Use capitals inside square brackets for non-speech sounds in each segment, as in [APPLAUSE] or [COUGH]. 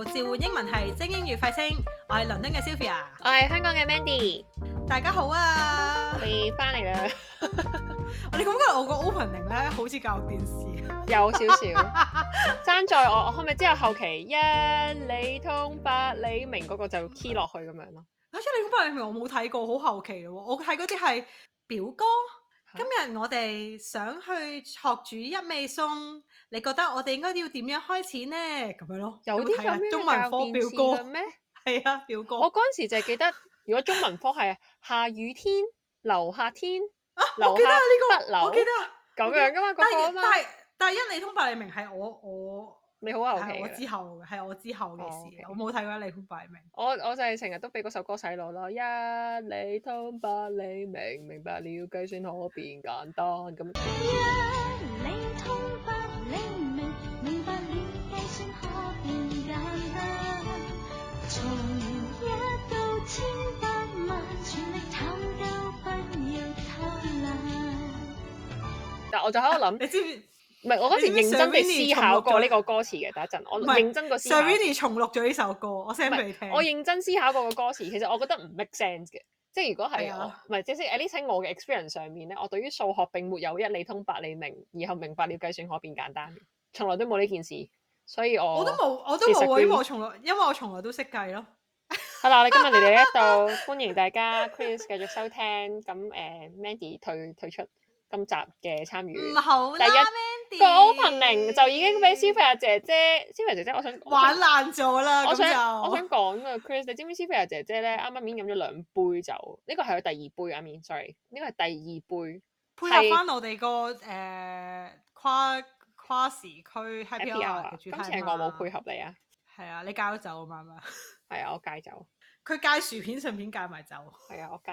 召喚英文系精英粵快星，我係倫敦嘅 Sylvia，我係香港嘅 Mandy，大家好啊！你翻嚟啦，我哋感覺我個 opening 咧，好似教電視，有少少爭 [LAUGHS] 在我，我可唔可以之後後期一理通百理明嗰個就 key 落去咁樣咯？好似一理通百理明我冇睇過，好後期咯，我睇嗰啲係表哥。的今日我哋想去學煮一味餸。你覺得我哋應該要點樣開始呢？咁樣咯，有啲咁樣中文科表哥咩？係啊，表哥。我嗰陣時就記得，如果中文科係下雨天留夏天啊，我記得呢個，我記得咁樣噶嘛。但係但係一理通百理明係我我你好後期嘅我之後係我之後嘅事，我冇睇過一理通百理明。我我就係成日都俾嗰首歌洗腦咯，一理通百理明，明白你要計算可變簡單咁。千但我就喺度諗，你知唔知？唔係我先認真地思考過呢個歌詞嘅。第一陣，我認真思個是認真思。上重錄咗呢首歌，我俾你聽。我認真思考過個歌詞，其實我覺得唔 make sense 嘅。即係如果係，唔係的即係 at least 喺我嘅 experience 上面咧，我對於數學並沒有一理通百理明，然後明白了計算可變簡單，從、嗯、來都冇呢件事。所以我我都冇，我都冇，因為我從來，因為我從來都識計咯。好啦，我哋今日嚟到呢一度，歡迎大家，Chris 繼續收聽。咁誒，Mandy 退退出今集嘅參與。好第一 Mandy 個 opening 就已經俾 Sylvia 姐姐，Sylvia 姐姐，我想玩爛咗啦。我想我想講啊，Chris，你知唔知 Sylvia 姐姐咧？啱啱已經飲咗兩杯酒，呢個係佢第二杯啊，I mean，sorry，呢個係第二杯。配合翻我哋個誒跨跨時區 k p 今次係我冇配合你啊。係啊，你教酒啊，嘛嘛。係啊、哎，我戒酒。佢戒薯片，順便戒埋酒。係啊、哎，我戒。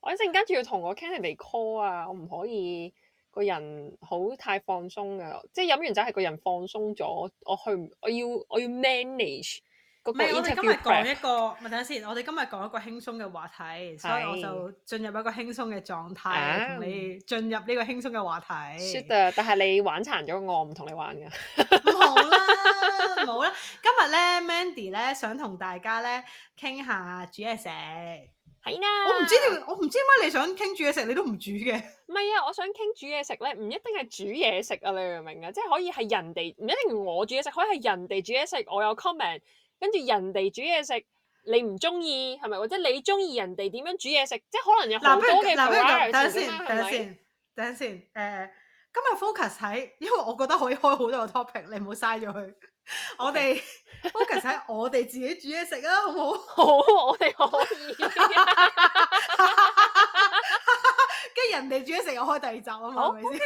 我一陣間仲要同我 candidate call 啊，我唔可以個人好太放鬆㗎。即係飲完酒係個人放鬆咗，我去唔，我要我要 manage 嗰個 interview prep。唔係，我哋今日講一個，咪備等先。我哋今日講一個輕鬆嘅話題，是所以我就進入一個輕鬆嘅狀態，同、啊、你進入呢個輕鬆嘅話題。Sure，但係你玩殘咗我，唔同你玩㗎。 [LAUGHS] 好啦。冇啦， [LAUGHS] 今日咧 Mandy 咧想同大家咧傾下煮嘢食。係啦、啊。我唔知點，我唔知點解你想傾煮嘢食，你都唔煮嘅。唔係啊，我想傾煮嘢食咧，唔一定係煮嘢食啊，你明唔明啊？即係可以係人哋唔一定我煮嘢食，可以係人哋煮嘢食，我有 comment，跟住人哋煮嘢食你唔中意係咪？或者你中意人哋點樣煮嘢食？即係可能有好多嘅。等先，等先，等先。誒、呃，今日 focus 喺，因為我覺得可以開好多個 topic，你唔好嘥咗佢。我哋 focus 喺我哋自己煮嘢食啊，好唔好？好， [LAUGHS] [LAUGHS] 我哋們可以。 [LAUGHS] [LAUGHS] 跟住人哋煮嘢食我開第二集啊嘛，係 OK，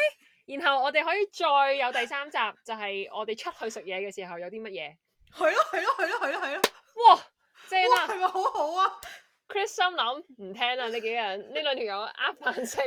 然後我哋可以再有第三集，就係、是、我哋出去食嘢嘅時候有啲乜嘢？係咯，係咯，係咯，係咯，係咯。哇，即係、nope 啊，係咪好好啊？Chris 心諗唔聽啦，呢幾日，呢兩條友呃飯食。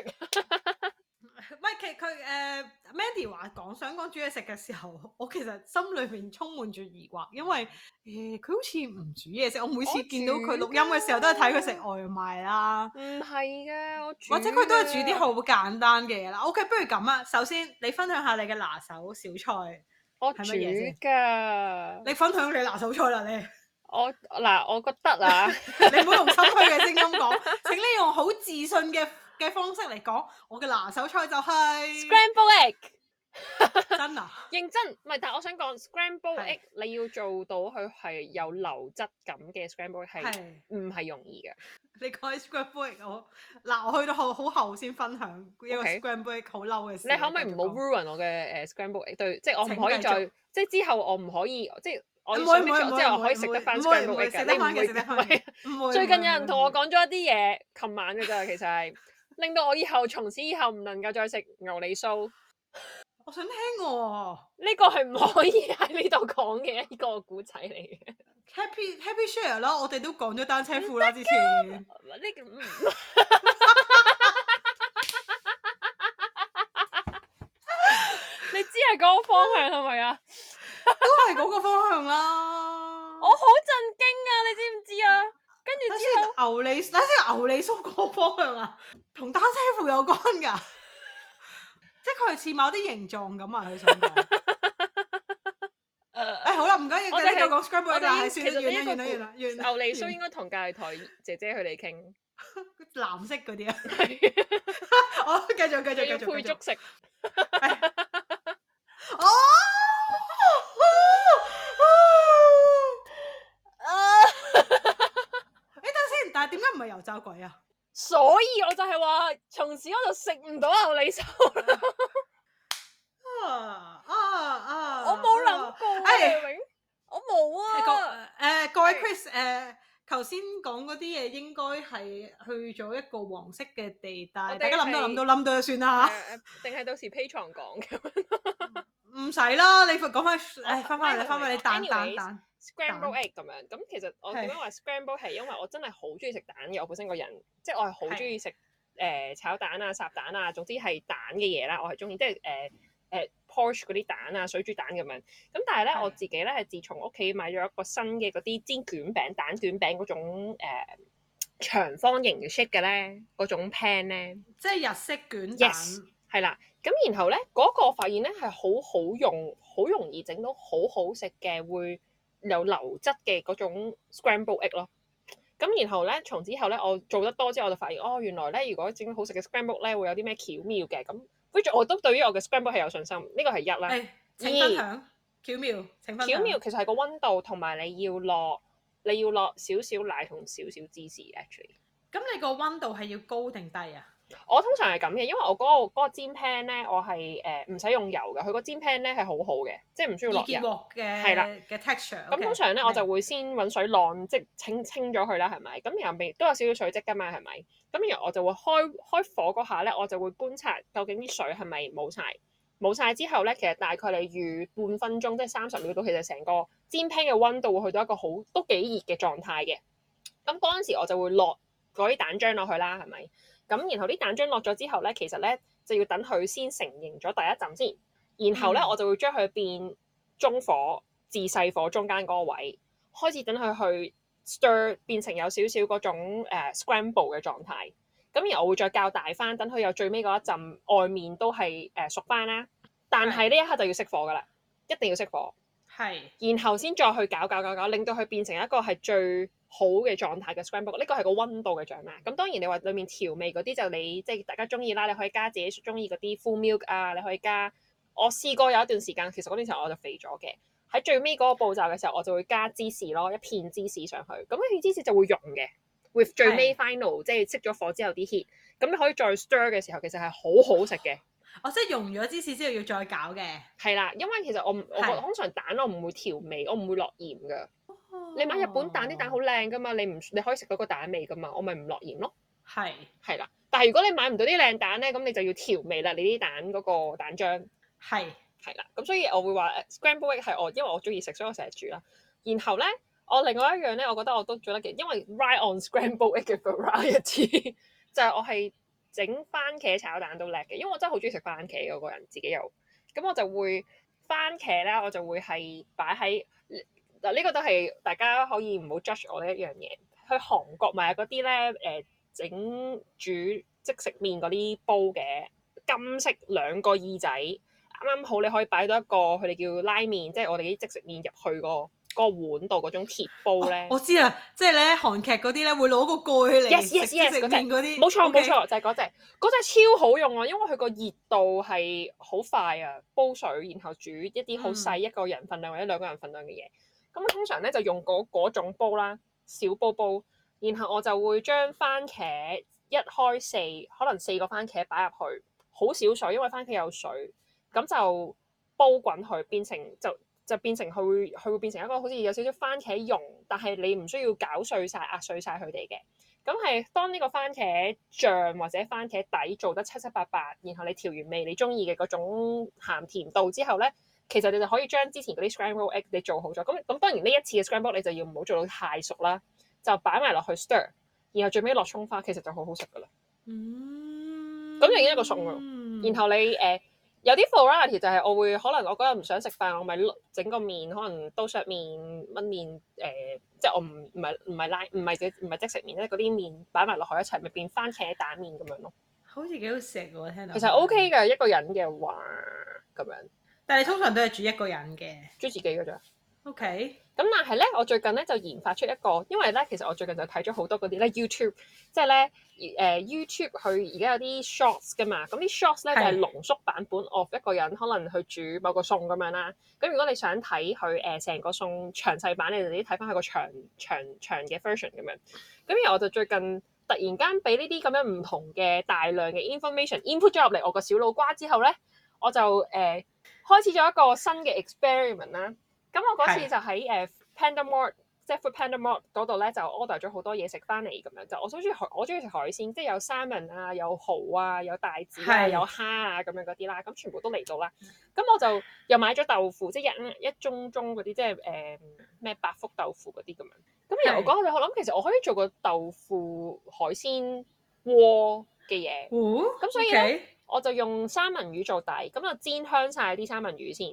喂，係佢佢 Mandy 話講想講煮嘢食嘅時候，我其實心裏邊充滿住疑惑，因為誒佢、欸、好似唔煮嘢食。我每次見到佢錄音嘅時候，都係睇佢食外賣啦。唔係嘅，我煮或者佢都係煮啲好簡單嘅嘢啦。OK，不如咁啊，首先你分享下你嘅拿手小菜，我煮噶。係乜嘢？你分享你拿手菜啦，你我嗱，我覺得啊， [LAUGHS] 你唔好用心虛嘅聲音講， [LAUGHS] 請你用好自信嘅。嘅方式嚟講，我嘅拿手菜就係 scrambled egg，真啊，認真，唔係，但係我想講 scrambled egg，你要做到佢係有流質感嘅 scrambled egg 係唔係容易嘅？你講啲 scrambled egg，好。嗱我去到好後先分享因為 scrambled egg 好嬲嘅事，你可唔可以唔好 ruin 我嘅誒 scrambled egg 對，即係我唔可以再即係之後我唔可以即係我唔會唔會唔會唔會唔會唔會唔會唔會唔會唔會唔會唔會唔會唔會唔會唔會唔會唔會唔會唔會令到我以後從此以後唔能夠再食牛脷酥。我想聽喎，啊，呢個係唔可以喺呢度講嘅一個古仔嚟嘅。Happy Happy Share 啦，我哋都講咗單車褲啦之前。你知係嗰個方向係咪啊？都係嗰個方向啦。 [LAUGHS] 我好震驚啊！你知唔知啊？跟住，單車牛脷，單車牛脷酥個方向啊，同單車褲有關噶，即係佢係似某啲形狀咁啊，佢想講。誒，好啦，唔緊要，我哋繼續講。我哋其實完啦，完啦，完啦，牛脷酥應該同隔籬台姐姐佢哋傾。藍色嗰啲啊，我繼續，繼續，繼續配粥食。哦。點解唔係油炸鬼啊？所以我就係話，從此我就食唔到牛脷酥啦！啊啊啊！我冇諗過，誒永，我冇啊！誒各位 Chris，誒，頭先講嗰啲嘢，應該係去咗一個黃色嘅地帶，大家諗到諗到諗到就算啦，定係到時 Patreon 講嘅。唔使啦，你講翻，誒翻翻你翻翻嚟。Anyway, 蛋 ramble egg, 蛋蛋 scrambled egg 咁樣。咁其實我點樣話 scrambled 係的因為我真係好中意食蛋嘅，我本身個人，即係我係好中意食誒炒蛋啊、烚蛋啊，總之係蛋嘅嘢啦，我係中意。即係誒誒 poach 嗰啲蛋啊、水煮蛋咁樣。咁但係咧，的我自己咧係自從屋企買咗一個新嘅嗰啲煎卷餅、蛋卷餅嗰種誒、呃、長方形 shape 嘅咧，嗰種 pan 咧，即係日式卷蛋，係啦、yes。咁然後咧，嗰個我發現咧係好好用，好容易整到好好食嘅，會有流質嘅嗰種 scramble egg 咯。咁然後咧，從之後咧，我做得多之後我就發現，哦，原來咧，如果整好食嘅 scramble 咧，會有啲咩巧妙嘅。咁，跟住我都對於我嘅 scramble 係有信心。呢個係一啦。誒，請分享。二。巧妙，請分享。巧妙其實係個温度同埋你要落，你要落少少奶同少少芝士，actually。咁你個温度係要高定低啊？我通常係咁嘅，因為我嗰、嗰個嗰個煎 pan 咧，我係誒唔使用油嘅。佢個煎 pan 咧係好好嘅，即係唔需要落油嘅。係啦嘅 texture。咁通常咧，okay. 我就會先揾水晾，即係清清咗佢啦，係咪？咁然後面都有少少水漬㗎嘛，係咪？咁然後我就會開開火嗰下咧，我就會觀察究竟啲水係咪冇晒。冇晒之後咧，其實大概你預半分鐘，即係三十秒到，其實成個煎 pan 嘅温度會去到一個好都幾熱嘅狀態嘅。咁嗰陣時我就會落嗰啲蛋漿落去啦，係咪？咁然後啲蛋漿落咗之後咧，其實咧就要等佢先成型咗第一浸先，然後咧、嗯、我就會將佢變中火至細火中間嗰個位，開始等佢去 stir 變成有少少嗰種 scramble 嘅狀態。咁、呃、然我會再較大翻，等佢有最尾嗰一浸外面都係誒、呃、熟翻啦。但係呢一刻就要熄火噶啦，是一定要熄火。係是，然後先再去搞搞搞搞，令到佢變成一個係最。好嘅狀態嘅 scramble，呢個係個温度嘅狀態。咁、嗯、當然你話裡面調味嗰啲就你即係大家中意啦，你可以加自己中意嗰啲 full milk 啊，你可以加。我試過有一段時間，其實嗰段時間我就肥咗嘅。喺最尾嗰個步驟嘅時候，我就會加芝士咯，一片芝士上去。咁呢片芝士就會溶嘅。With 最尾是 final，即係熄咗火之後啲 heat，咁你可以再 stir 嘅時候，其實係好好食嘅。哦，即係溶咗芝士之後要再搞嘅。係啦，因為其實我我覺通常蛋我唔會調味，我唔會落鹽㗎。你買日本蛋，啲、oh. 蛋好靚噶嘛，你唔你可以食到個蛋味噶嘛，我咪唔落鹽咯。係係啦，但係如果你買唔到啲靚蛋咧，咁你就要調味啦，你啲蛋嗰、嗰個蛋漿。係係啦，咁所以我會話 scrambled egg 係我，因為我中意食，所以我成日煮啦。然後咧，我另外一樣咧，我覺得我都做得幾，因為 right on scrambled egg variety [LAUGHS] 就係我係整番茄炒蛋都叻嘅，因為我真係好中意食番茄嗰個人，自己又咁我就會番茄咧，我就會係擺喺。呢個都係大家可以唔好 judge 我呢一樣嘢。去韓國買嗰啲咧，誒、呃、整煮即食麵嗰啲煲嘅金色兩個耳仔，啱啱好你可以擺到一個佢哋叫拉麵，即係我哋啲即食麵入去個、嗰個碗度嗰種鐵煲咧、哦。我知啊，即係咧韓劇嗰啲咧會攞個蓋嚟食即食麵嗰啲，冇錯冇錯就係嗰隻，嗰隻超好用啊！因為佢個熱度係好快啊，煲水然後煮一啲好細一個人份量或者兩個人份量嘅嘢。咁通常咧就用嗰種煲啦，小煲煲，然後我就會將番茄一開四，可能四個番茄擺入去，好少水，因為番茄有水，咁就煲滾佢，變成就就變成佢佢會，會變成一個好似有少少番茄蓉，但係你唔需要攪碎晒、壓碎晒佢哋嘅。咁係當呢個番茄醬或者番茄底做得七七八八，然後你調完味，你中意嘅嗰種鹹甜度之後咧。其實你就可以將之前嗰啲 scramble egg 你做好咗，咁咁當然呢一次嘅 scramble 你就要唔好做到太熟啦，就擺埋落去 stir，然後最尾落葱花，其實就好好食噶啦。咁、嗯、就已經一個餸啦。嗯、然後你誒、呃、有啲 variety 就係我會可能我嗰日唔想食飯，我咪整個麵，可能刀削麵炆麵誒、呃，即係我唔唔係唔係拉唔係即唔係即食麵麵，即嗰啲麵擺埋落去一齊，咪變番茄蛋麵咁樣咯。好似幾好食喎，聽到。其實 OK 㗎，一個人嘅話咁樣。但係通常都係煮一個人嘅，煮自己嘅啫。OK，咁但係咧，我最近咧就研發出一個，因為咧其實我最近就睇咗好多嗰啲咧 YouTube，即係咧誒 YouTube 佢而家有啲 shorts 㗎嘛，咁啲 shorts 咧就係、是、濃縮版本，我是一個人可能去煮某個餸咁樣啦。咁如果你想睇佢誒成個餸詳細版，你就自己睇返佢個長長長嘅 version 咁樣。咁而我就最近突然間俾呢啲咁樣唔同嘅大量嘅 information input 咗入嚟我個小腦瓜之後咧，我就誒。呃開始咗一個新嘅 experiment 啦，咁我嗰次就喺誒 Pandamore，的即係 For Pandamore 嗰度咧就 order 咗好多嘢食翻嚟咁樣，就我好中意，我中意食海鮮，即係有三文啊，有蠔啊，有帶子啊，有蝦啊咁樣嗰啲啦，咁全部都嚟到啦，咁我就又買咗豆腐，即係一一盅盅嗰啲，即係誒咩百福豆腐嗰啲咁樣，咁由嗰度我諗的其實我可以做個豆腐海鮮鍋嘅嘢，咁、哦、所以。Okay. 我就用三文魚做底，咁就煎香晒啲三文魚先。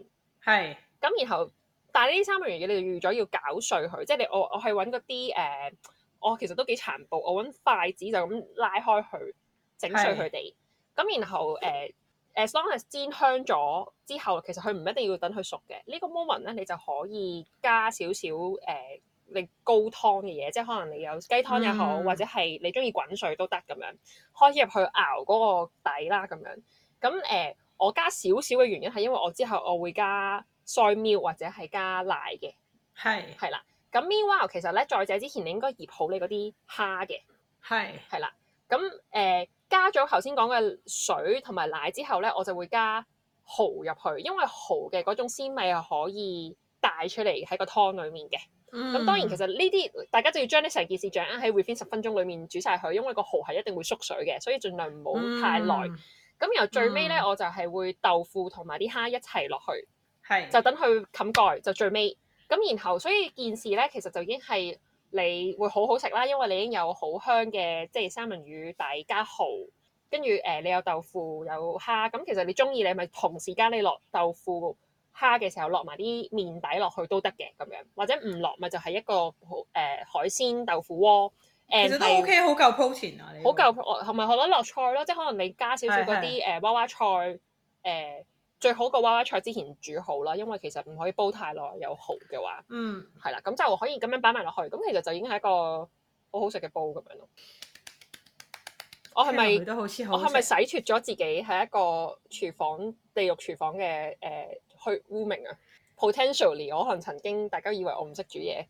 係咁是，然後但係呢啲三文魚，你就預咗要攪碎佢，即係你我我係揾嗰啲誒，uh, 我其實都幾殘暴，我揾筷子就咁拉開佢，整碎佢哋。咁是然後、uh, as long as 煎香咗之後，其實佢唔一定要等佢熟嘅、這個、呢個 moment 咧，你就可以加少少誒。Uh, 你高湯嘅嘢，即係可能你有雞湯又好，嗯、或者係你中意滾水都得咁樣開始入去熬嗰個底啦。咁樣咁誒、呃，我加少少嘅原因係因為我之後我會加曬麪或者係加奶嘅係係啦。咁 Meanwhile 其實咧，在這之前你應該醃好你嗰啲蝦嘅係係啦。咁誒、呃、加咗頭先講嘅水同埋奶之後咧，我就會加蠔入去，因為蠔嘅嗰種鮮味係可以帶出嚟喺個湯裡面嘅。咁、嗯、當然其實呢啲大家就要將呢成件事掌握喺 within 十分鐘裏面煮晒佢，因為個蠔係一定會縮水嘅，所以盡量唔好太耐。咁然、嗯、後最尾咧，嗯、我就係會豆腐同埋啲蝦一齊落去，是就等佢冚蓋,蓋就最尾。咁然後所以件事咧，其實就已經係你會好好食啦，因為你已經有好香嘅即係三文魚底加蠔，跟住誒你有豆腐有蝦，咁其實你中意你係咪同時間你落豆腐？蝦嘅時候落埋啲麵底落去都得嘅，咁樣，或者唔落咪就係一個誒、呃、海鮮豆腐鍋。其實都 OK，好後夠鋪錢啊！好夠哦，同埋可能落菜咯，即係可能你加少少嗰啲誒娃娃菜誒、呃，最好個娃娃菜之前煮好啦，因為其實唔可以煲太耐有蠔嘅話。嗯，係啦，咁就可以咁樣擺埋落去，咁其實就已經係一個好好食嘅煲咁樣咯。我係咪我係咪洗脫咗自己係一個廚房地獄廚房嘅誒？呃去污名啊！Potentially，我可能曾經大家以為我唔識煮嘢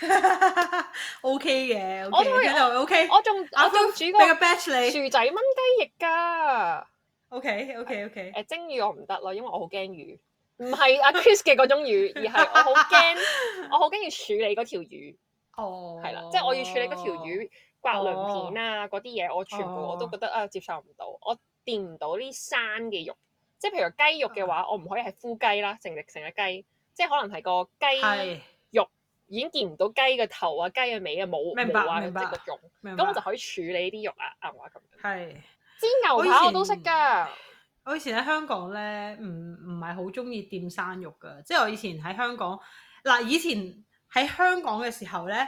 [LAUGHS] ，OK 嘅、okay, Okay.，我都覺得 OK。我仲我仲煮過 Batch [MUSIC] 薯仔燜雞翼噶，OK OK OK、啊。誒、啊、蒸魚我唔得咯，因為我好驚魚。唔係阿 Chris 嘅嗰種魚， [LAUGHS] 而係我好驚 [LAUGHS] 我好驚要處理嗰條魚。哦，係啦，即係我要處理嗰條魚刮鱗片啊嗰啲嘢，oh. that, 我全部我都覺得啊接受唔到，我掂唔到啲生嘅肉。即係譬如雞肉嘅話，我唔可以係孵雞啦，成隻成隻雞，即係可能係個雞肉是已經見唔到雞嘅頭啊、雞嘅尾啊冇，明白、啊、明白咁，我就可以處理啲肉啦、啊，啱唔啱？係煎牛扒我都識㗎。我以前喺香港咧，唔唔係好中意掂生肉㗎，即係我以前喺香港嗱，以前喺香港嘅時候咧，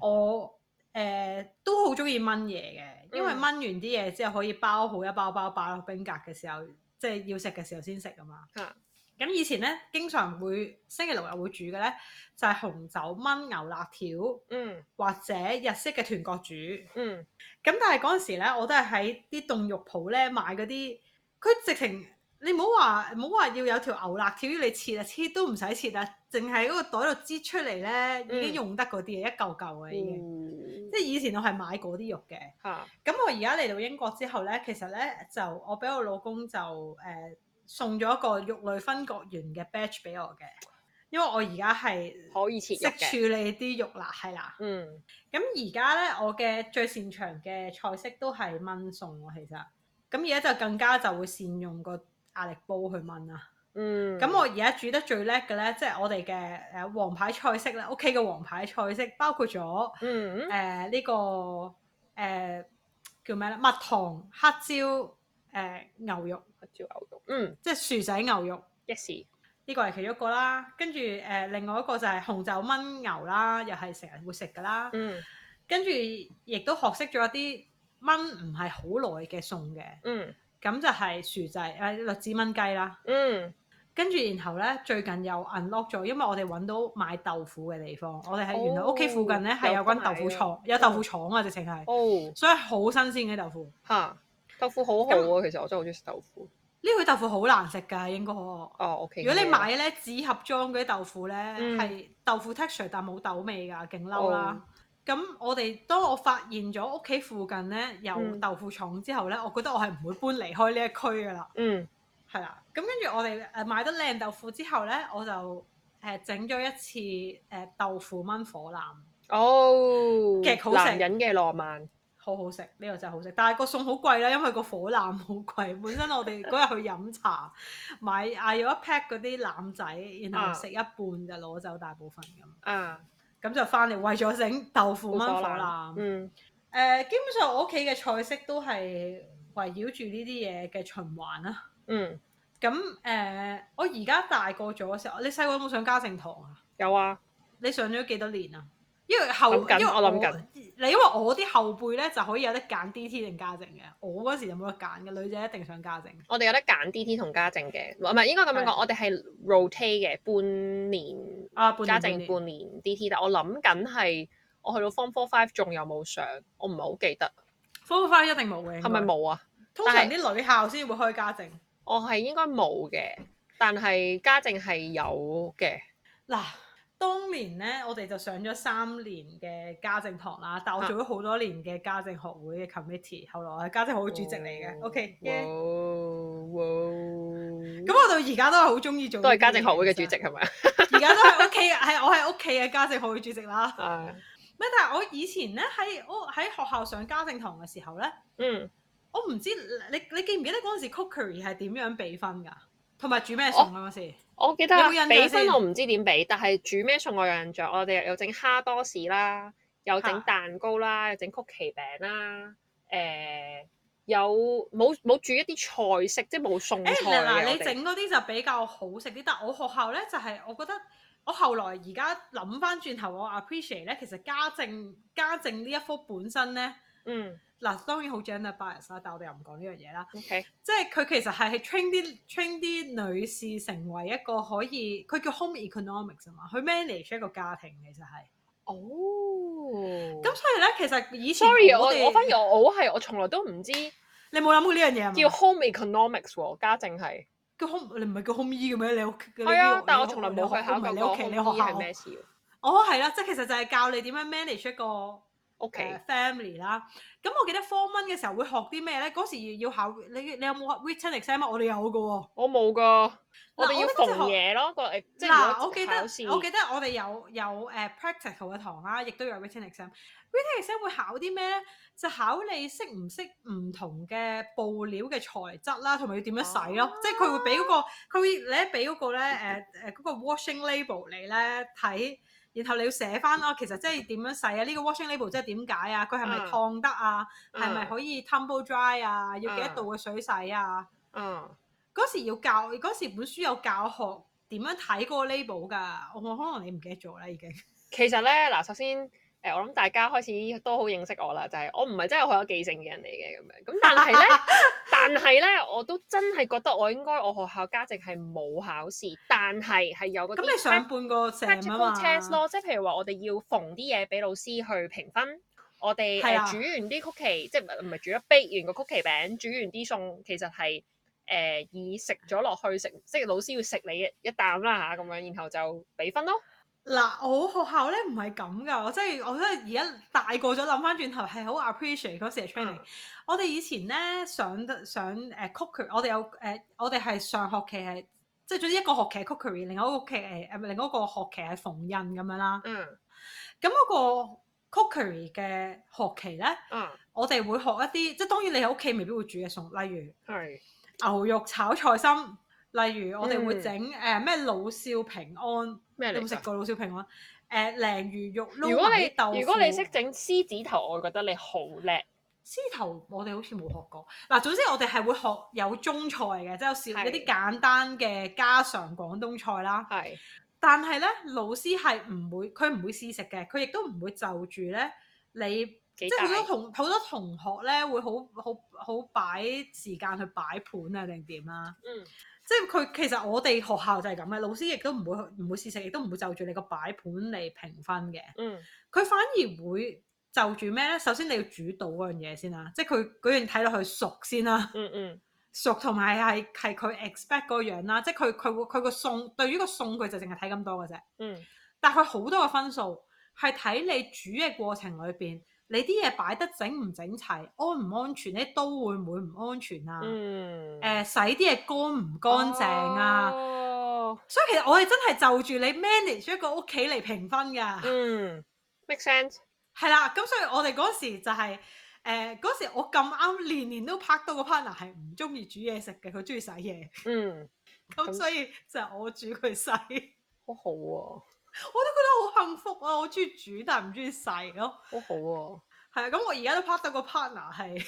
我誒、呃、都好中意炆嘢嘅，因為炆完啲嘢之後可以包好一包包包落冰格嘅時候。即係要食嘅時候先食㗎嘛。咁、嗯、以前呢，經常會星期六日會煮嘅呢，就係、是、紅酒炆牛肋條，嗯、或者日式嘅豚角煮。咁、嗯、但係嗰陣時呢，我都係喺啲凍肉鋪呢買嗰啲，佢直情。你唔好話，唔好話要有條牛肋條要你切啊，切都唔使切啊，淨係嗰個袋度擠出嚟咧，嗯、已經用得嗰啲嘢一嚿嚿嘅已經。嗯、即係以前我係買嗰啲肉嘅，咁、啊、我而家嚟到英國之後咧，其實咧就我俾我老公就誒、呃、送咗一個肉類分割完嘅 batch 俾我嘅，因為我而家係可以切即處理啲肉啦，係啦。嗯。咁而家咧，我嘅最擅長嘅菜式都係燜餸喎，其實。咁而家就更加就會善用個。壓力煲去炆啊！嗯，咁我而家煮得最叻嘅咧，即係我哋嘅誒王牌菜式咧，屋企嘅王牌菜式包括咗，嗯,嗯，誒呢個誒叫咩咧？蜜糖黑椒誒牛肉，黑椒牛肉，嗯，即係薯仔牛肉，一時呢個係其中一個啦。跟住誒，另外一個就係紅酒炆牛啦，又係成日會食㗎啦。嗯，跟住亦都學識咗一啲炆唔係好耐嘅餸嘅，嗯。咁就係薯仔，誒栗子炆雞啦。嗯。跟住然後咧，最近又 unlock 咗，因為我哋揾到買豆腐嘅地方，我哋喺原來屋企附近咧係、哦、有間豆腐廠，哦、有豆腐廠啊，直情係。哦。所以好新鮮嘅豆腐。嚇！豆腐好好、啊、喎，但其實我真係好中意食豆腐。呢個豆腐好難食㗎，應該、哦。哦，OK。如果你買咧紙盒裝嗰啲豆腐咧，係、嗯、豆腐 texture 但冇豆味㗎，勁嬲啦。哦。咁我哋當我發現咗屋企附近咧有豆腐廠之後咧，嗯、我覺得我係唔會搬離開呢一區噶啦。嗯，係啦。咁跟住我哋誒買得靚豆腐之後咧，我就誒整咗一次誒、呃、豆腐燜火腩。哦，其實好食，男人嘅浪漫，好、呢個、好食，呢個真係好食。但係個餸好貴啦，因為個火腩好貴。本身我哋嗰日去飲茶 [LAUGHS] 買嗌咗一 pack 嗰啲腩仔，然後食一半就攞走大部分咁。嗯、啊。啊。咁就翻嚟，為咗整豆腐炆火腩。嗯，誒，uh, 基本上我屋企嘅菜式都係圍繞住呢啲嘢嘅循環啦。嗯，咁誒，uh, 我而家大個咗嘅時候，你細個有冇上家政堂啊？有啊，你上咗幾多年啊？因為後，我諗緊，你因為我啲後輩咧就可以有得揀 D.T. 定家政嘅，我嗰時就冇得揀嘅。女仔一定想家政。我哋有得揀 D.T. 同家政嘅，唔係應該咁樣講，是我哋係 rotate 嘅，半年啊，家政半年，年，年 D.T. 但我諗緊係我去到 Form Four Five 仲有冇上？我唔係好記得 Four Four Five 一定冇嘅，係咪冇啊？通常啲女校先會開家政，我係應該冇嘅，但係家政係有嘅。嗱。當年咧，我哋就上咗三年嘅家政堂啦。但係我做咗好多年嘅家政學會嘅 committee，啊、後來我係家政學會主席嚟嘅。OK，咁我到而家都係好中意做，都係家政學會嘅主席係咪？而家都係屋企嘅，係 [LAUGHS] 我係屋企嘅家政學會主席啦。咩、啊？但係我以前咧喺我喺學校上家政堂嘅時候咧，嗯，我唔知你你記唔記得嗰陣時 cookery 係點樣俾分㗎？同埋煮咩餸嗰陣時？啊我記得啊，俾分我唔知點俾，但係煮咩餸我有印象，我哋又整蝦多士啦，又整蛋糕啦，又整曲奇餅啦，誒、啊呃，有冇冇煮一啲菜式，即係冇餸。誒嗱、欸、們你整嗰啲就比較好食啲，但係我學校咧就係、是、我覺得，我後來而家諗翻轉頭，我 appreciate 咧，其實家政家政呢一科本身咧。嗯，嗱，當然好 gender bias 啦，但係我哋又唔講呢樣嘢啦。OK，即係佢其實係 train 啲 train 啲女士成為一個可以，佢叫 home economics 啊嘛，佢 manage 一個家庭其實係。哦。咁所以咧，其實以前 sorry 我哋，我反而我我係我從來都唔知。你冇諗過呢樣嘢？叫 home economics 喎，家政係。叫 home 你唔係叫 home E 嘅咩？你屋係啊，但係我從來冇去考你屋企，你學校係咩事？哦，係啦，即係其實就係教你點樣 manage 一個。OK、uh, family 啦，咁我記得 form one 嘅時候會學啲咩咧？嗰時要考你，你有冇 written exam？我哋有嘅喎，我冇噶，我哋要縫嘢咯。嗱，我記得我記得我哋有有誒、uh, practical 嘅堂啦，亦都有 written exam。written exam 會考啲咩咧？就考你識唔識唔同嘅布料嘅材質啦，同埋要點樣洗咯？啊、即係佢會俾嗰、嗰個，佢會咧俾嗰個咧誒誒嗰個 washing label 你咧睇。然後你要寫翻咯，其實即係點樣洗啊？呢、這個 washing label 即係點解啊？佢係咪燙得啊？係咪、uh, 可以 tumble dry 啊？要幾多度嘅水洗啊？嗯，嗰時要教，嗰時本書有教學點樣睇嗰個 label 㗎。我可能你唔記得咗啦，已經。其實咧，嗱，首先。誒、呃，我諗大家開始都好認識我啦，就係、是、我唔係真係好有記性嘅人嚟嘅咁樣。咁但係咧， [LAUGHS] 但係咧，我都真係覺得我應該我學校家政係冇考試，但係係有嗰啲，practical test 咯，即係譬如話我哋要縫啲嘢俾老師去評分。我哋、 [LAUGHS] 呃、煮完啲曲奇，即係唔係唔係煮咗 bake 完個曲奇餅，煮完啲餸，其實係誒、呃、以食咗落去食，即係老師要食你一啖啦嚇咁樣，然後就俾分咯。嗱，我學校咧唔係咁噶，我即係我都覺得而家大個咗，諗翻轉頭係好 appreciate 嗰時 training、嗯呃呃。我哋以前咧上得上誒 cookery，我哋有誒我哋係上學期係即係總之一個學期 cookery，另一個期誒誒另一個學期係縫紉咁樣啦。嗯。咁嗰個 cookery 嘅學期咧，嗯、我哋會學一啲即係當然你喺屋企未必會煮嘅餸，例如係是牛肉炒菜心。例如我哋會整誒咩老少平安，有冇食過老少平安？誒、呃、鯪魚肉撈埋啲豆腐。如果你識整獅子頭，我覺得你好叻。獅頭我哋好似冇學過。嗱、呃，總之我哋係會學有中菜嘅，即係有少有啲簡單嘅家常廣東菜啦。係的。但係咧，老師係唔會，佢唔會試食嘅，佢亦都唔會就住咧你，即係好多同好多同學咧會好好好擺時間去擺盤啊，定點啊？嗯。即係佢，其實我哋學校就係咁嘅，老師亦都唔會唔會試食，亦都唔會就住你個擺盤嚟評分嘅。嗯，佢反而會就住咩咧？首先你要煮到嗰樣嘢先啦、啊，即係佢嗰樣睇落去熟先啦、啊。嗯嗯，熟同埋係係佢 expect 嗰樣啦，即係佢佢佢個餸對於個餸佢就淨係睇咁多嘅啫。嗯，但係佢好多嘅分數係睇你煮嘅過程裏邊。你啲嘢擺得整唔整齊，安唔安全咧，都會唔會唔安全啊？誒、嗯呃，洗啲嘢乾唔乾淨啊？哦、所以其實我哋真係就住你 manage 一個屋企嚟評分㗎。嗯，make sense。係啦，咁所以我哋嗰時就係誒嗰時我咁啱年年都拍到個 partner 係唔中意煮嘢食嘅，佢中意洗嘢。 [LAUGHS] 嗯，咁 [MUSIC] 所以就我煮佢洗。好好、啊、喎。我都覺得好幸福啊！我中意煮，但係唔中意洗咯、啊。好好啊，係啊！咁我而家都 p a r t n 個 partner 係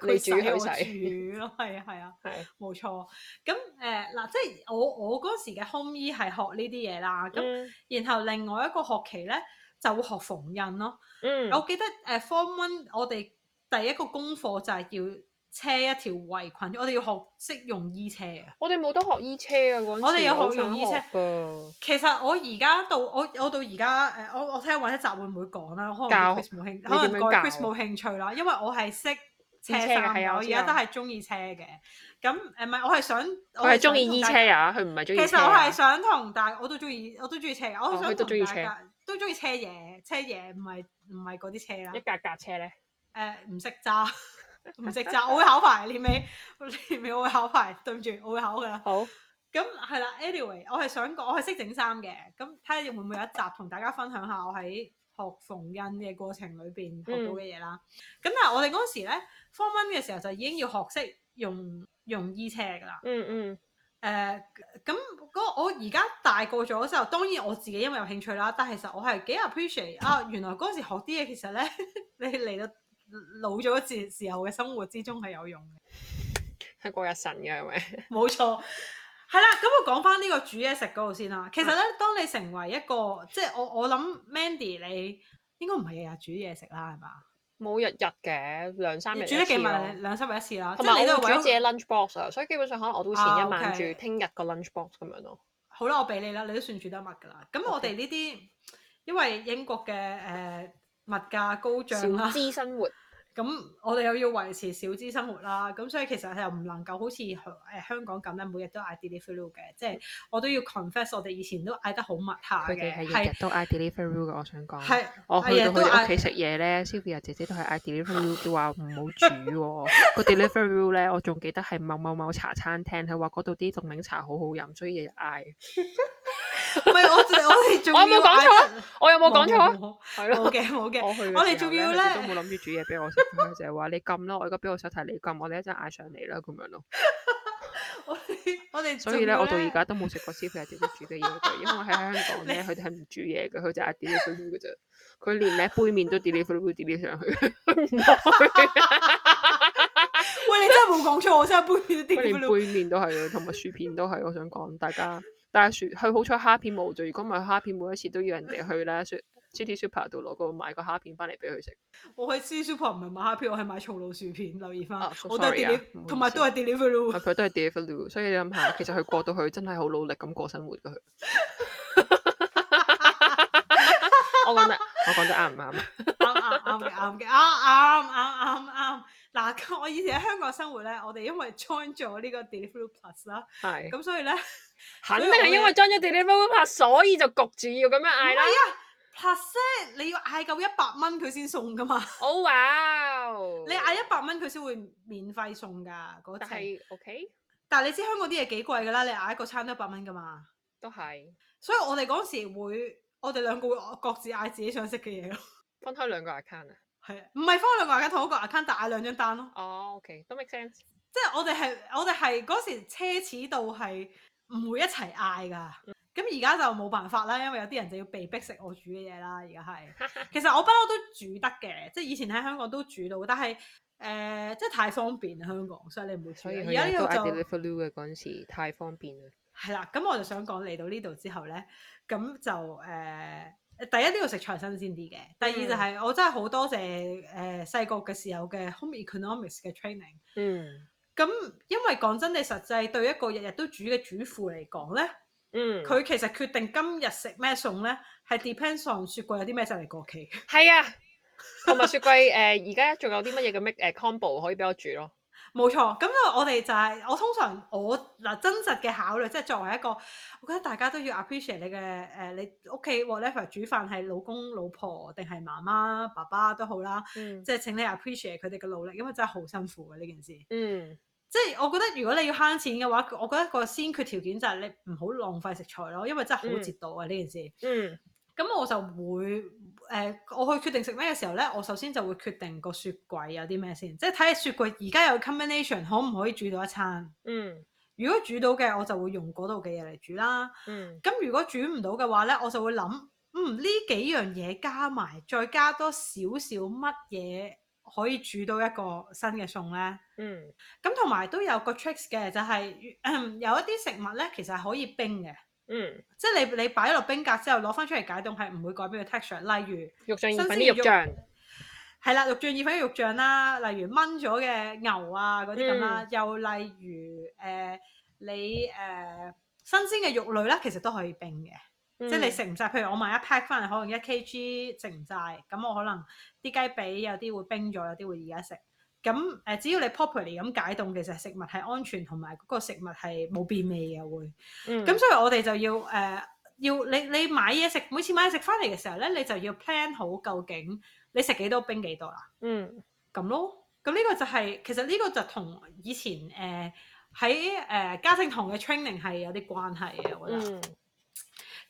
佢洗我煮咯、啊，係 [LAUGHS] 啊係啊係，冇錯是。咁誒嗱，即係我我嗰時嘅 h o m e 衣係學呢啲嘢啦。咁、嗯、然後另外一個學期咧就會學縫印咯。嗯，我記得誒、呃、form one 我哋第一個功課就係叫。車一條圍裙，我哋要學識用衣車啊！我哋冇得學衣車啊，我哋有學用衣車。其實我而家到我我到而家誒，我我聽下一集會唔會講咧？教可能 Chris 冇興趣啦，因為我係識車衫，我而家都係中意車嘅。咁誒，唔係我係想，佢係中意衣車啊，佢唔係中意。其實我係想同大，我都中意，我都中意車。我都中意車，都中意車嘢，車嘢唔係唔係嗰啲車啦。一架架車咧？誒，唔識揸。唔識就，我會考牌你尾，你尾 [LAUGHS] 我會考牌。對唔住，我會考噶啦。好，咁係啦。Anyway，我係想講，我係識整衫嘅。咁睇下會唔會有一集同大家分享下我喺學縫紉嘅過程裏邊學到嘅嘢啦。咁但係我哋嗰時咧，form one 嘅時候就已經要學識用用衣車噶啦，嗯。嗯嗯。誒、uh, 咁我而家大個咗之後，當然我自己因為有興趣啦。但係其實我係幾 appreciate 啊，原來嗰時學啲嘢，其實咧你嚟到。老咗時時候嘅生活之中係有用嘅，係過日神嘅係咪？冇錯， [LAUGHS] 係啦。咁我講翻呢個煮嘢食嗰度先啦。其實咧，嗯、當你成為一個，即係我我諗 Mandy 你應該唔係日日煮嘢食啦，係嘛？冇日日嘅，兩三日一次咯。煮得幾晚，兩三日一次啦。同埋你都會煮自己 lunch box 啊，所以基本上可能我都會前一晚煮聽日個 lunch box 咁樣咯。好啦，我俾你啦，你都算煮得密㗎啦。咁我哋呢啲，Okay 因為英國嘅誒、呃、物價高漲啦，小資生活。咁我哋又要維持小資生活啦，咁所以其實又唔能夠好似誒香港咁咧，每日都嗌 deliveroo 嘅，即係我都要 confess，我哋以前都嗌得好密下嘅。佢哋係日日都嗌 deliveroo 嘅，是我想講。係是。我去到佢哋屋企食嘢咧，Sylvia 姐姐都係嗌 deliveroo，都話唔好煮喎、啊。個 [LAUGHS] deliveroo 咧，我仲記得係某，某某某茶餐廳，佢話嗰度啲凍檸茶好好飲，所以日日嗌。 [LAUGHS] 唔，我我哋仲，我有冇講錯？我有冇講錯？係咯，冇嘅冇嘅。我哋仲要咧，都冇諗住煮嘢俾我食，就係話你撳咯。我而家俾我手提你撳，我哋一陣嗌上嚟啦，咁樣咯。我我哋所以咧，我到而家都冇食過 Sylvia 係點樣煮嘅嘢，因為喺香港咧，佢哋係唔煮嘢嘅。佢就一啲啲咕嚕噶啫。佢連咩杯麵都滴哩咕嚕咕滴哩上去。喂，你真係冇講錯，我真係杯麵滴哩咕嚕。佢連杯麵都係，同埋薯片都係。我想講大家。大樹佢好彩蝦片冇就，如果唔係蝦片，每一次都要人哋去咧，說 City Super 度攞個買個蝦片翻嚟俾佢食。我喺 City Super 唔係買蝦片，我係買松露薯片留意翻，我都係 d 同埋都係 delete 佢都係 delete 所以你諗下，其實佢過到去真係好努力咁過生活噶佢。我講得，我講得啱唔啱？啱嘅，啱嘅，啱，啱，啱，啱，啱。嗱，我以前喺香港生活咧，我哋因為 join 咗呢個 delete plus 啦，係，咁所以咧。肯定係因為裝咗地理風波拍，所以就焗住要咁樣嗌啦。唔係啊，拍色你要嗌夠一百蚊佢先送噶嘛。Oh wow！你嗌一百蚊佢先會免費送噶嗰次。OK，但係你知香港啲嘢幾貴噶啦，你嗌一個餐都一百蚊噶嘛。都係，所以我哋嗰時會，我哋兩個會各自嗌自己想食嘅嘢咯。分開兩個 account 啊？係啊，唔係分開兩個 account，同一個 account 嗌兩張單咯。哦，OK，都 make sense。即係我哋係，我哋係嗰時奢侈度係。唔會一齊嗌㗎，咁而家就冇辦法啦，因為有啲人就要被逼食我煮嘅嘢啦。而家係，其實我不嬲都煮得嘅，即係以前喺香港都煮到，但係誒、呃，即係太方便啦香港，所以你唔會煮。而家呢度就 I believe for you 嘅嗰陣時太方便啦。係啦，咁我就想講嚟到呢度之後咧，咁就誒、呃，第一呢度食菜新鮮啲嘅，第二就係、是嗯、我真係好多謝誒細個嘅時候嘅 home economics 嘅 training。嗯。咁，嗯、因為講真，你實際對一個日日都煮嘅主婦嚟講咧，嗯，佢其實決定今日食咩餸咧，係 depends on 雪櫃有啲咩就嚟過期。係啊，同埋雪櫃誒，而家仲有啲乜嘢嘅咩誒 combo 可以俾我煮咯？冇錯，咁我哋就係、是、我通常我嗱真實嘅考慮，即、就、係、是、作為一個，我覺得大家都要 appreciate 你嘅誒、呃，你屋企 whatever 煮飯係老公老婆定係媽媽爸爸都好啦，即係、嗯、請你 appreciate 佢哋嘅努力，因為真係好辛苦嘅、啊、呢件事，嗯。即係我覺得，如果你要慳錢嘅話，我覺得個先決條件就係你唔好浪費食材咯，因為真係好節度啊呢、嗯、件事。嗯。咁我就會誒、呃，我去決定食咩嘅時候呢，我首先就會決定個雪櫃有啲咩先，即係睇下雪櫃而家有 combination 可唔可以煮到一餐。嗯。如果煮到嘅，我就會用嗰度嘅嘢嚟煮啦。嗯。咁如果煮唔到嘅話呢，我就會諗，嗯呢幾樣嘢加埋再加多少少乜嘢？可以煮到一個新嘅餸咧，嗯，咁同埋都有，有個 tricks 嘅，就係，有一啲食物咧，其實係可以冰嘅，嗯，即係你你擺咗落冰格之後，攞翻出嚟解凍係唔會改變個 texture。例如肉醬意粉嘅肉醬，係啦，肉醬意粉嘅肉醬啦，例如燜咗嘅牛啊嗰啲咁啦，嗯，又例如誒，你誒，新鮮嘅肉類咧，其實都可以冰嘅。即係你食唔晒，譬如我買一 pack 翻嚟，可能一 kg 食唔晒，咁我可能啲雞髀有啲會冰咗，有啲會而家食。咁誒，只要你 properly 咁解凍，其實食物係安全同埋嗰個食物係冇變味嘅會。咁、嗯、所以我哋就要誒、呃、要你你買嘢食，每次買嘢食翻嚟嘅時候咧，你就要 plan 好究竟你食幾多冰幾多啦、啊。嗯，咁咯，咁呢個就係、是、其實呢個就同以前誒喺誒家政堂嘅 training 係有啲關係嘅，我覺得。嗯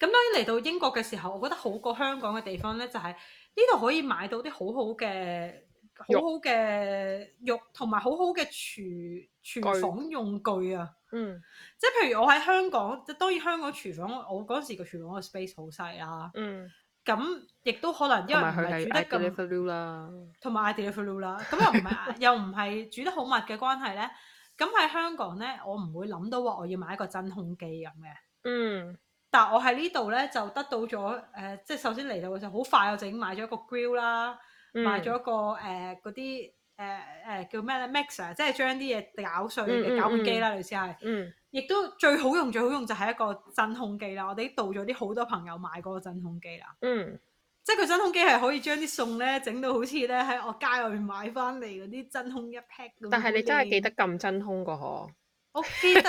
咁當然嚟到英國嘅時候，我覺得好過香港嘅地方咧，就係呢度可以買到啲好肉好嘅、好好嘅肉同埋好好嘅廚廚房用具啊。嗯，即係譬如我喺香港，當然香港廚房我嗰時個廚房嘅 space 好細啦。嗯，咁亦都可能因為唔係煮得咁，啦，同埋、嗯、i 啦。咁 [LAUGHS] 又唔係又唔係煮得好密嘅關係咧。咁喺香港咧，我唔會諗到話我要買一個真空機咁嘅。嗯。但我喺呢度咧就得到咗誒、呃，即係首先嚟到時候就好快，我就已經買咗一個 grill 啦，嗯、買咗一個誒嗰啲誒誒叫咩咧 mixer，即係將啲嘢攪碎嘅攪拌機啦，類似係。亦、嗯嗯嗯、都最好用最好用就係一個真空機啦，我哋導咗啲好多朋友買過真空機啦。嗯。即係佢真空機係可以將啲餸咧整到好似咧喺我街入面買翻嚟嗰啲真空一 pack 咁。但係你真係記得咁真空個嗬？我記得。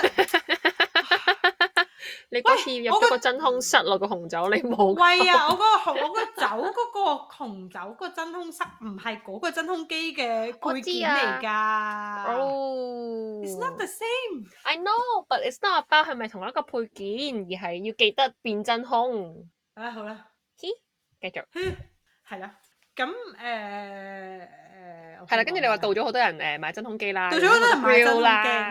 你嗰次入嗰個真空室落個喂紅酒喂你冇的。喂啊、 [LAUGHS] 那個！我個紅我個酒嗰個紅酒個真空室唔係嗰個真空機嘅配件嚟噶。哦、啊 Oh, it's not the same. I know, but it's not about 係咪同一個配件，而係要記得變真空。好啦、啊，好啦，嘻，繼續。哼， [LAUGHS] 係啦。咁誒誒，係、呃、啦。跟住你話到咗好多人誒、呃、買真空機啦，到咗好多人買真空機，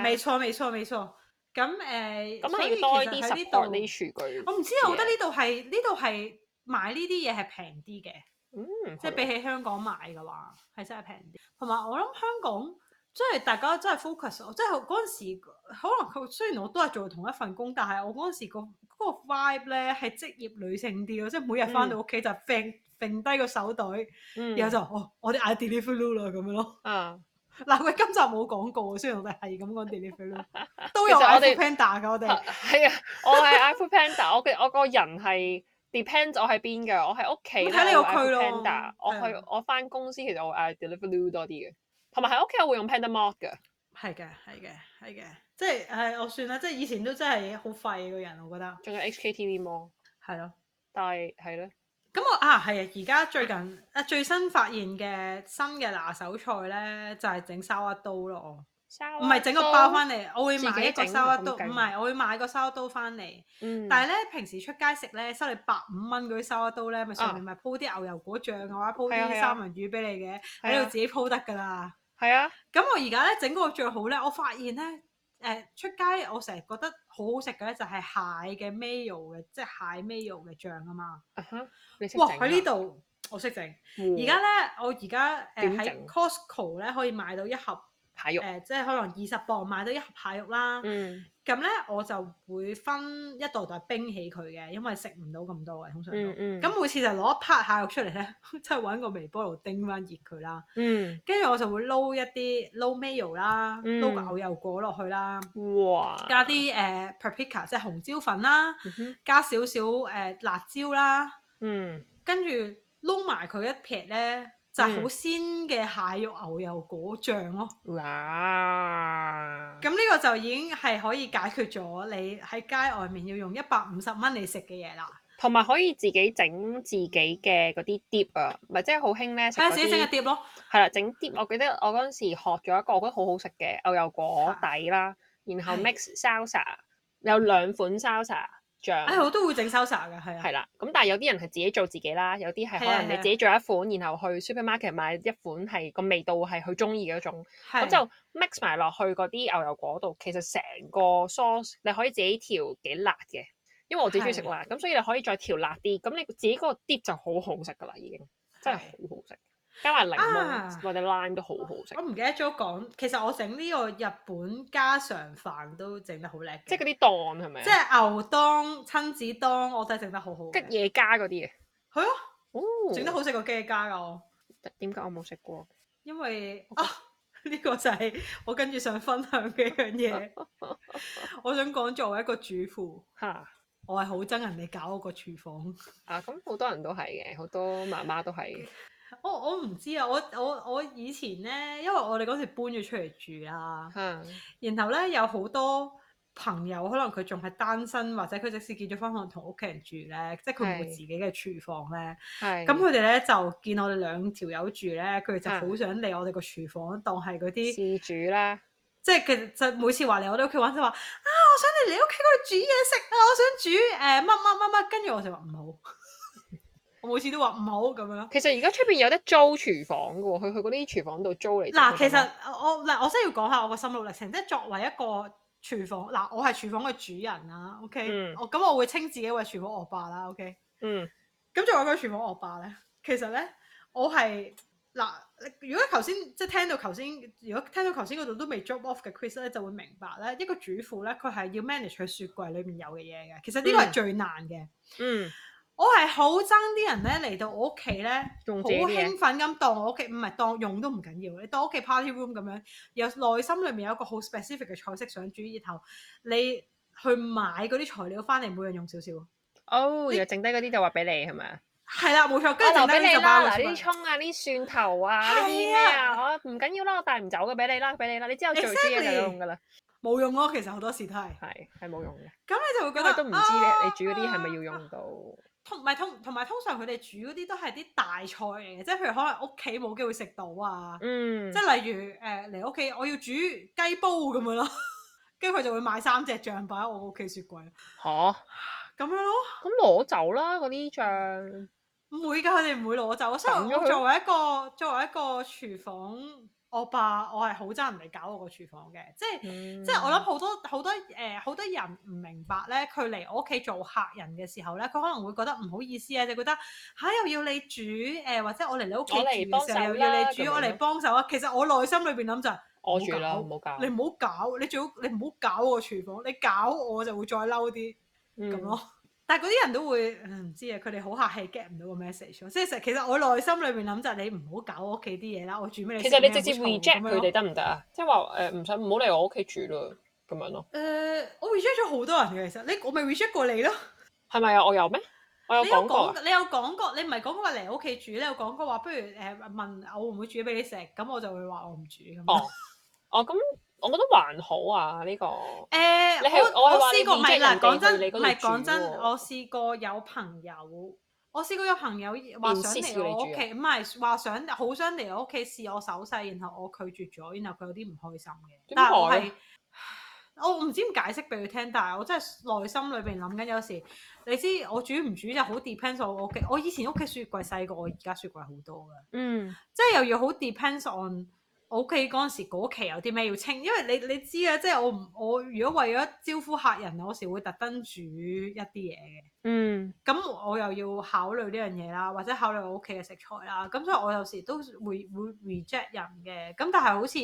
沒錯，沒錯，沒錯。咁誒，嗯嗯、所以其實喺呢度，我唔知啊，我覺得呢度係呢度係買呢啲嘢係平啲嘅，即係、嗯、比起香港買嘅話係真係平啲。同埋我諗香港即係、就是、大家真係 focus，即係嗰陣時可能佢，雖然我都係做同一份工，但係我嗰陣時、嗰個 vibe 咧係職業女性啲咯，即、就、係、是、每日翻到屋企就揈揈低個手袋，嗯、然後就、哦、我 d e 我啲眼睇啲褲褸啦咁樣咯。嗱，佢今集冇講過，雖然我哋係咁講 delivery 都有 [LAUGHS] 我哋，Panda 噶我哋。係 [LAUGHS] 啊，我係 iPhone Panda，我嘅我個人係 depends 我喺邊噶，我喺屋企咧。睇你個區咯。我啦 Panda，我係我翻公司其實我用 Deliveroo 多啲嘅，同埋喺屋企我會用 Panda mart a 嘅。係嘅，係嘅，係嘅，即係誒，我算啦，即係以前都真係好廢個人，我覺得。仲有 HKTV mall 的。係咯，但係係咯。咁我啊係啊，而家最近啊最新發現嘅新嘅拿手菜咧，就係整 sourdough 咯哦，唔係整個包翻嚟，我會買一個 sourdough，唔係我會買個 sourdough 翻嚟。嗯、但係咧平時出街食咧收你百五蚊嗰啲 sourdough 咧，咪上面咪鋪啲牛油果醬嘅話、啊啊啊、鋪啲三文魚俾你嘅，喺度、啊、自己鋪得㗎啦。係啊，咁我而家咧整個最好咧，我發現咧誒、呃、出街我成日覺得。好好食嘅就係、是、蟹嘅 Mayo 嘅，即係蟹 Mayo 嘅醬啊嘛。Uh huh. 哇！喺、嗯、呢度我識整，而家咧我而家誒喺 Costco 咧可以買到一盒。蟹肉誒、呃，即係可能二十磅買到一盒蟹肉啦。嗯，咁咧我就會分一袋袋冰起佢嘅，因為食唔到咁多嘅，通常嗯。嗯嗯。咁每次就攞一 part 蟹肉出嚟咧，即係揾個微波爐叮翻熱佢啦。跟住、嗯、我就會撈一啲撈 mayo 啦，撈牛油果落去啦。嗯、哇！加啲誒、uh, paprika 即係紅椒粉啦，嗯、哼加少少誒、uh, 辣椒啦。跟住撈埋佢一撇咧。嗯嗯就好鮮嘅蟹肉牛油果醬咯，嗱、啊，咁呢個就已經係可以解決咗你喺街外面要用一百五十蚊嚟食嘅嘢啦，同埋可以自己整自己嘅嗰啲碟、就是、啊，咪即係好興咧。係自己整嘅碟咯，係啦，整碟。我記得我嗰陣時學咗一個，我覺得好好食嘅牛油果果底啦，啊、然後 Mix Salsa 的有兩款 Salsa。誒醬、哎，我都會整收沙嘅，係啊，係啦，咁但係有啲人係自己做自己啦，有啲係可能你自己做一款，的然後去 supermarket 買一款係個味道係佢中意嘅種，咁的就 mix 埋落去嗰啲牛油果度，其實成個 sauce 你可以自己調幾辣嘅，因為我最中意食辣，咁的所以你可以再調辣啲，咁你自己嗰個 d 就好好食噶啦，已經真係好好食。加埋檸檬或者 lime 都好好食。我唔記得咗講，其實我整呢個日本家常飯都整得好叻嘅。即係嗰啲檔係咪？即係牛當、親子當，我真係整得好好。吉野家嗰啲嘢係啊，哦，整得好食過吉野家㗎我。點解我冇食過？因為啊，呢個就係我跟住想分享嘅一樣嘢。我想講作為一個主婦，嚇我係好憎人哋搞我個廚房。啊，咁好多人都係嘅，好多媽媽都係。我我唔知啊，我我我，我以前咧，因為我哋嗰時搬咗出嚟住啊。嗯、然後咧有好多朋友，可能佢仲係單身，或者佢即使結咗婚，可能同屋企人住咧，即係佢冇自己嘅廚房咧。係是，咁佢哋咧就見我哋兩條友住咧，佢哋是就好想嚟我哋個廚房是當係嗰啲事主咧，即係其實每次話嚟我哋屋企玩就話啊，我想嚟你屋企嗰度煮嘢食啊，我想煮誒乜乜乜乜，跟住我就話唔好。我每次都話唔好咁樣。其實而家出邊有得租廚房嘅喎，佢去嗰啲廚房度租嚟。嗱，其實我嗱，我真係要講下我個心路歷程。即係作為一個廚房嗱，我係廚房嘅主人啦。OK，、嗯、我咁我會稱自己為廚房惡霸啦。OK，嗯，咁作為個廚房惡霸咧，其實咧我係嗱，如果頭先即係聽到頭先，如果聽到頭先嗰度都未 drop off 嘅 Chris 咧，就會明白咧一個主婦咧，佢係要 manage 佢雪櫃裏面有嘅嘢嘅。其實呢個係最難嘅、嗯。嗯。我係好憎啲人咧嚟到我屋企咧，好興奮咁當我屋企，唔係當用都唔緊要，你當屋企 party room 咁樣。有內心裏面有一個好 specific 嘅菜式想煮，然後你去買嗰啲材料翻嚟，每人用少少。哦、oh, 你，然後剩低嗰啲就話俾你係咪啊？係啦，冇錯。跟住就擺俾你啦！嗱，啲葱啊，啲蒜頭啊，啲咩啊，我唔緊要啦，我帶唔走嘅俾你啦，俾你啦。你知我最知嘅就用噶啦，冇用咯。其實好多時都係係係冇用嘅。咁你就會覺得都唔知、啊、你煮啲係咪要用到？通咪通，同埋通常佢哋煮嗰啲都係啲大菜嚟嘅，即係譬如可能屋企冇機會食到啊，嗯、即係例如誒嚟屋企我要煮雞煲咁樣咯，跟住佢就會買三隻醬擺喺我屋企雪櫃。嚇、啊，咁樣咯？咁攞走啦嗰啲醬，唔會㗎，佢哋唔會攞走。所以我作為一個作為一個廚房。我爸我係好憎人嚟搞我個廚房嘅，即係、嗯、即係我諗好多好多誒，好、呃、多人唔明白咧。佢嚟我屋企做客人嘅時候咧，佢可能會覺得唔好意思啊，就覺得嚇又要你煮誒，或者我嚟你屋企住又要你煮，呃、我嚟幫手啊。其實我內心裏邊諗就係，我住啦，唔好搞，你唔好搞，搞你最好你唔好搞我廚房，你搞我就會再嬲啲咁咯。嗯 [LAUGHS] 但係嗰啲人都會唔、嗯、知啊，佢哋好客氣，get 唔到個 message，即係實其實我內心裏邊諗就係你唔好搞我屋企啲嘢啦，我住咩？你其實你直接 reject 佢哋得唔得啊？行行即係話誒唔使，唔好嚟我屋企住咯，咁樣咯。誒、呃，我 reject 咗好多人其實，你我咪 reject 過你咯。係咪啊？我有咩？我有講過、啊你有。你有講過？你唔係講過嚟我屋企住你有講過話不如誒、呃、問我會唔會煮俾你食，咁我就會話我唔煮咁樣。哦、oh. oh,，咁。我覺得還好啊，呢、這個。誒、呃，你是我我，我試過，唔係嗱，講真，唔係講真，我試過有朋友，我試過有朋友話想嚟我屋企，唔係話想好想嚟我屋企試我手勢，然後我拒絕咗，然後佢有啲唔開心嘅。啊、點解？我唔知點解釋俾佢聽，但係我真係內心裏邊諗緊。有時你知我煮唔煮就好 depends on 我屋企。我以前屋企雪櫃細過，我而家雪櫃好多噶。嗯。即係又要好 depends on。我屋企嗰陣時嗰期有啲咩要清，因為你你知啊，即係我唔我如果為咗招呼客人，我時會特登煮一啲嘢嘅。嗯，咁我又要考慮呢樣嘢啦，或者考慮我屋企嘅食材啦。咁所以我有時都會會 reject 人嘅。咁但係好似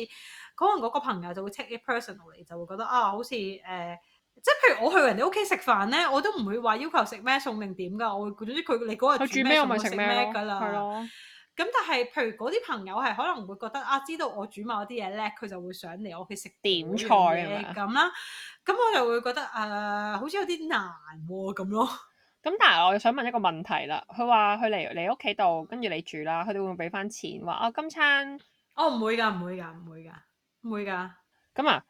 可能嗰個朋友就會 take it personally，就會覺得啊，好似誒、呃，即係譬如我去人哋屋企食飯咧，我都唔會話要求食咩餸定點㗎。我會總之佢，你嗰日煮咩我咪食咩㗎啦。係咯。了咁但係，譬如嗰啲朋友係可能會覺得啊，知道我煮某啲嘢叻，佢就會想嚟我屋企食點菜咁啦。咁我就會覺得誒、呃，好似有啲難喎、哦、咁咯。咁但係我又想問一個問題啦。佢話佢嚟你屋企度，跟住你煮啦，佢哋會唔會俾翻錢？話我、哦、今餐？哦唔會㗎，唔會㗎，唔會㗎，唔會㗎。咁啊？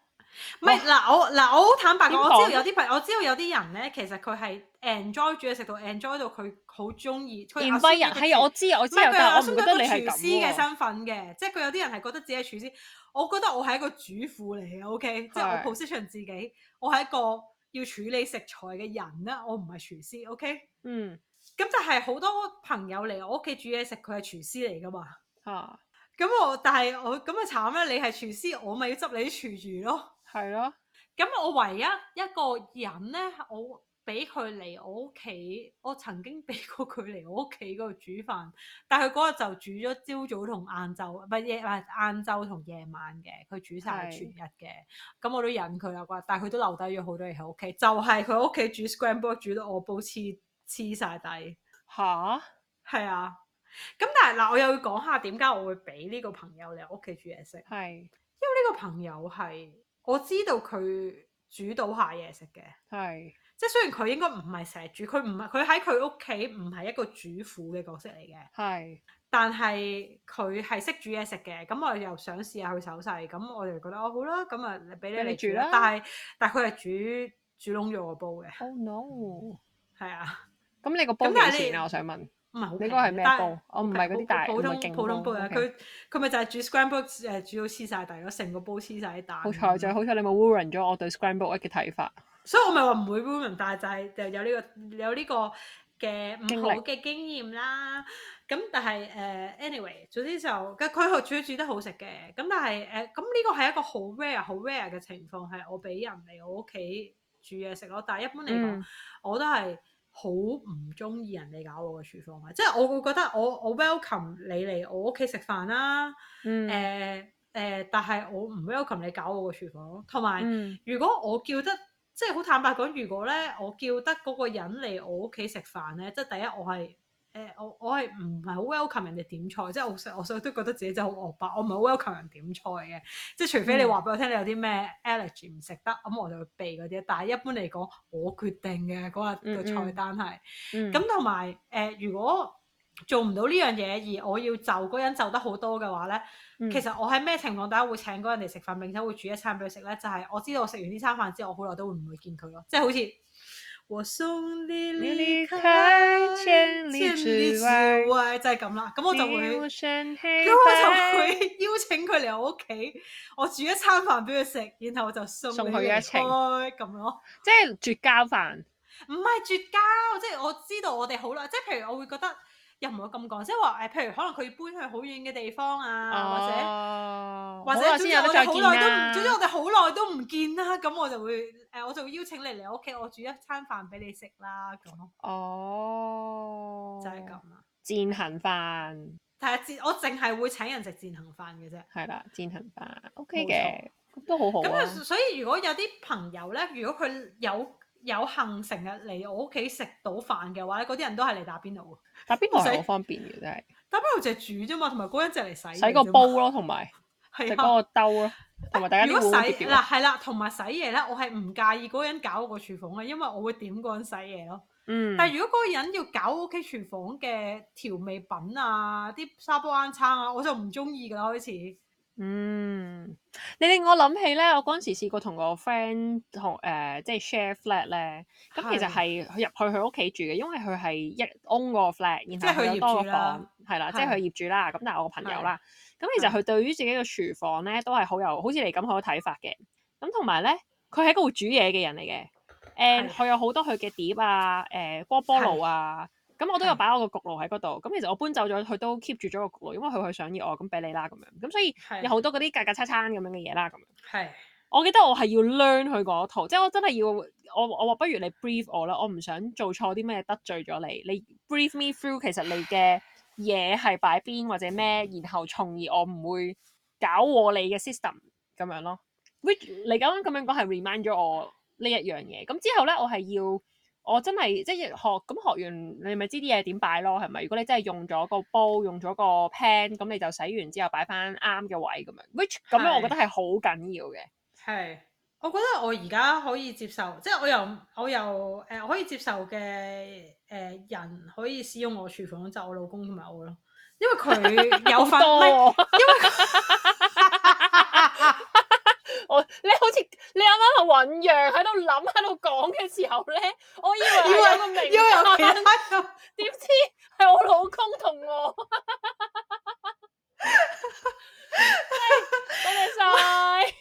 唔係嗱，我嗱我好坦白講，我知道有啲朋友，我知道有啲人咧，其實佢係 enjoy 煮嘢食到 enjoy 到佢好中意，佢有。唔人，係我知，我知，但係我唔得佢係阿叔一個廚師嘅身份嘅，即係佢有啲人係覺得自己係廚師。我覺得我係一個主婦嚟嘅，OK，即係的我 position 自己，我係一個要處理食材嘅人啦，我唔係廚師，OK。嗯，咁就係好多朋友嚟我屋企煮嘢食，佢係廚師嚟㗎嘛。啊的，咁我但係我咁啊慘啦，你係廚師，我咪要執你啲廚餘咯。係咯，咁我唯一一個人咧，我俾佢嚟我屋企，我曾經俾過佢嚟我屋企嗰度煮飯，但係佢嗰日就煮咗朝早同晏晝，唔係夜唔係晏晝同夜晚嘅，佢煮晒全日嘅，咁的我都忍佢啦，但係佢都留低咗好多嘢喺屋企，就係佢屋企煮 scramble 煮到我煲黐黐晒底，吓哈，係啊，咁但係嗱，我又要講下點解我會俾呢個朋友嚟屋企煮嘢食，係的，因為呢個朋友係。我知道佢煮到下嘢食嘅，係是即係雖然佢應該唔係成日煮，佢唔係佢喺佢屋企唔係一個主婦嘅角色嚟嘅，係是但係佢係識煮嘢食嘅，咁我又想試下佢手勢，咁我哋覺得哦好啦，咁啊俾你煮啦，但係但係佢係煮煮窿咗、oh, no. 啊、個煲嘅，oh no，係啊，咁你個煲幾錢啊？我想問。唔係好平，個煲但係是我唔係嗰啲大普，普通普通煲啊！佢佢咪就係煮 scrambled 煮到黐晒大。係嗰成個煲黐晒大，好彩，就好彩你冇 ruin 咗我對 scrambled 嘅睇法。所以我咪話唔會 ruin，但係就係就有呢、這個有呢個嘅唔好嘅經驗啦。咁歷但係誒、uh,，anyway，總之就佢佢煮煮得好食嘅。咁但係誒，咁、uh, 呢個係一個好 rare 好 rare 嘅情況係我俾人嚟我屋企煮嘢食咯。但係一般嚟講，嗯、我都係。好唔中意人哋搞我個廚房啊！即係我會覺得我我 welcome 你嚟我屋企食飯啦、啊，誒、嗯呃呃、但係我唔 welcome 你搞我個廚房。同埋、嗯、如果我叫得，即係好坦白講，如果呢，我叫得嗰個人嚟我屋企食飯呢，即係第一我係。誒、呃、我我係唔係好 welcome 人哋點菜？即係我我所以都覺得自己真係好惡霸。我唔係好 welcome 人點菜嘅，即係除非你話俾我聽你有啲咩 allergy 唔食得，咁、嗯、我就會避嗰啲。但係一般嚟講，我決定嘅嗰日個菜單係咁，同埋誒，如果做唔到呢樣嘢，而我要就嗰人就得好多嘅話咧，其實我喺咩情況底下會請嗰人哋食飯，並且會煮一餐俾佢食咧？就係、是、我知道我食完呢餐飯之後，我好耐都會唔會見佢咯，即係好似。我送你離開千里之外，就係咁啦。咁我就會，咁我，我就會邀請佢嚟我屋企，我煮一餐飯俾佢食，然後我就送佢一程咁咯。樣即係絕交飯，唔係絕交，即係我知道我哋好耐，即係譬如我會覺得。又唔會咁講，即係話誒，譬如可能佢要搬去好遠嘅地方啊，或者、哦、或者，總之我哋好耐都，總之我哋好耐都唔見啦，咁我，我就會誒，我就會邀請你嚟我屋企，我煮一餐飯俾你食啦咁。哦，就係咁啊，餞行飯係、okay、但係啊，我淨係會請人食餞行飯嘅啫。係啦，餞行飯 OK 嘅，都好好。咁啊，所以如果有啲朋友咧，如果佢有。有幸成日嚟我屋企食到飯嘅話咧，嗰啲人都係嚟打邊爐。打邊爐好方便嘅，真係。打邊爐就係煮啫嘛，同埋嗰人就嚟洗。洗個煲咯，同埋就幫我兜咯，同埋大家如果洗嗱，係啦，同埋 [LAUGHS] 洗嘢咧，我係唔介意嗰人搞我個廚房嘅，因為我會點個人洗嘢咯。嗯。但係如果嗰個人要搞屋企廚房嘅調味品啊，啲沙煲罌罉啊，我就唔中意噶啦開始。嗯，你令我諗起咧，我嗰陣時試過同個 friend 同誒，即係 share flat 咧、嗯。咁是其實係入去佢屋企住嘅，因為佢係一 own 個 flat，然後佢有多個房係啦，即係佢業主啦。咁但係我個朋友啦，咁的、嗯、其實佢對於自己嘅廚房咧，都係好有，好似你咁好嘅睇法嘅。咁同埋咧，佢係一個會煮嘢嘅人嚟嘅。誒的，佢的有好多佢嘅碟啊，誒、呃，鍋煲爐啊。咁、嗯、我都有擺我個焗爐喺嗰度，咁、嗯、其實我搬走咗佢都 keep 住咗個焗爐，因為佢佢想要我咁俾你啦咁樣，咁所以有好是多嗰啲格格差差咁樣嘅嘢啦咁樣。係是，我記得我係要 learn 佢嗰套，即係我真係要我我話不如你 brief 我啦，我唔想做錯啲咩得罪咗你，你 brief me through 其實你嘅嘢係擺邊或者咩，然後從而我唔會搞錯你嘅 system 咁樣咯。Which, 你咁樣咁樣講係 remind 咗我呢一樣嘢，咁、嗯、之後咧我係要。我真係即係學，咁學完你咪知啲嘢點擺咯，係咪？如果你真係用咗個煲，用咗個 pan，咁你就洗完之後擺翻啱嘅位咁樣，which 咁樣我覺得係好緊要嘅。係，我覺得我而家可以接受，即係我又我又誒、呃、可以接受嘅誒人可以使用我廚房就係、我老公同埋我咯，因為佢有份因為我。我你好似。你啱啱喺度醞釀，喺度諗，喺度講嘅時候呢，我以為有個名單，點 [LAUGHS] 知係我老公同我，我。真係，拜拜。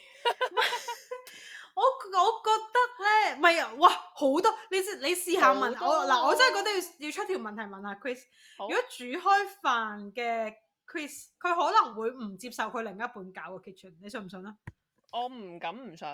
我我覺得咧，咪哇好多，你你試下問、哦、我嗱，我真係覺得要要出條問題問下 Chris 好。如果煮開飯嘅 Chris，佢可能會唔接受佢另一半搞個 kitchen，你信唔信啦、啊？我唔敢唔想，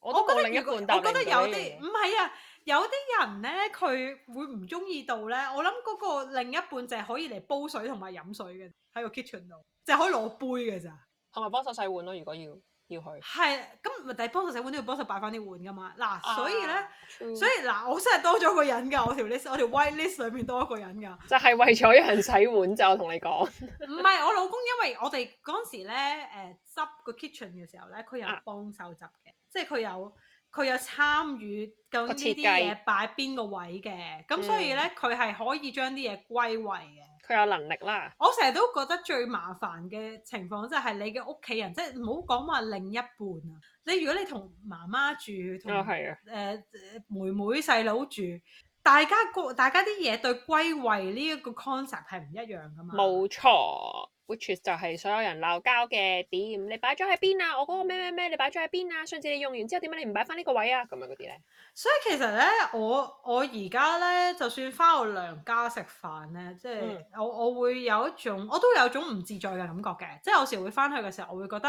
我，我覺得如果另一我覺得有啲唔係啊，有啲人咧佢會唔中意到咧。我諗嗰個另一半就係可以嚟煲水同埋飲水嘅，喺個 kitchen 度，就係可以攞杯嘅咋。係咪幫手洗碗咯？如果要。要去，係咁，咪第日幫手洗碗都要幫手擺翻啲碗噶嘛。嗱、啊，啊、所以咧，嗯、所以嗱、啊，我真係多咗個人㗎。我條 list，我條 white list 上面多一個人㗎。人就係為咗一人洗碗就同你講。唔係， [LAUGHS] 我老公因為我哋嗰陣時咧，誒執個 kitchen 嘅時候咧，佢、呃、有幫手執嘅，啊、即係佢有佢有參與究竟呢啲嘢擺邊個位嘅。咁計所以咧，佢係、嗯、可以將啲嘢歸位嘅。最有能力啦！我成日都覺得最麻煩嘅情況就係你嘅屋企人，即係唔好講話另一半啊。你如果你同媽媽住，同誒、哦呃、妹妹細佬住，大家各大家啲嘢對歸位呢一個 concept 係唔一樣㗎嘛？冇錯。就係所有人鬧交嘅點？你擺咗喺邊啊？我嗰個咩咩咩，你擺咗喺邊啊？上次你用完之後點解你唔擺翻呢個位啊？咁樣嗰啲咧。所以其實咧，我我而家咧，就算翻去娘家食飯咧，即係我我會有一種，我都有一種唔自在嘅感覺嘅。即係有時會翻去嘅時候，我會覺得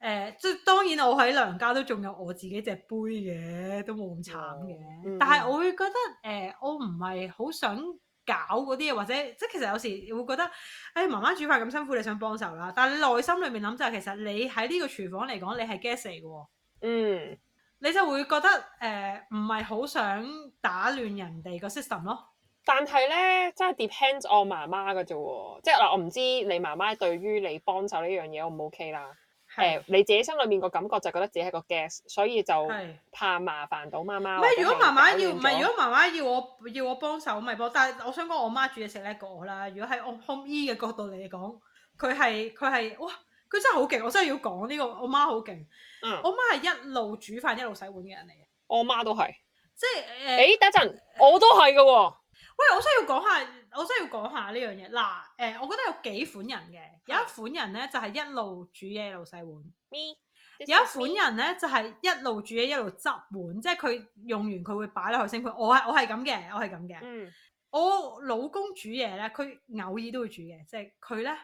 誒，即係當然我喺娘家都仲有我自己隻杯嘅，都冇咁慘嘅。嗯、但係我會覺得誒、呃，我唔係好想。搞嗰啲嘢，或者即係其實有時會覺得，誒、哎，媽媽煮飯咁辛苦，你想幫手啦。但係你內心裏面諗就係、是，其實你喺呢個廚房嚟講，你係 guest 嘅。嗯，你就會覺得誒，唔係好想打亂人哋個 system 咯。但係咧，真係 depends 我媽媽嘅啫。即係嗱，我唔知你媽媽對於你幫手呢樣嘢，我唔 OK 啦。誒是你自己心裏面個感覺就覺得自己係個 gas，所以就怕麻煩到媽媽。唔係如果媽媽要唔係如果媽媽要我要我幫手，咪幫。但係我想講，我媽，媽煮嘢食叻過我啦。如果喺我 homey 嘅角度嚟講，佢係佢係哇，佢真係好勁。我真係要講呢個，我媽好勁。嗯、我媽係一路煮飯一路洗碗嘅人嚟嘅、呃。我媽都係，即係誒。誒，等陣，我都係㗎喎。喂，我需要講下，我需要講下呢樣嘢。嗱，誒，我覺得有幾款人嘅，有一款人呢，就係、是、一路煮嘢一路洗碗， [NOISE] 有一款人呢，就係、是、一路煮嘢一路執碗，即係佢用完佢會擺落去星盆。我係我係咁嘅，我係咁嘅。我，嗯、我老公煮嘢呢，佢偶爾都會煮嘅，即係佢呢，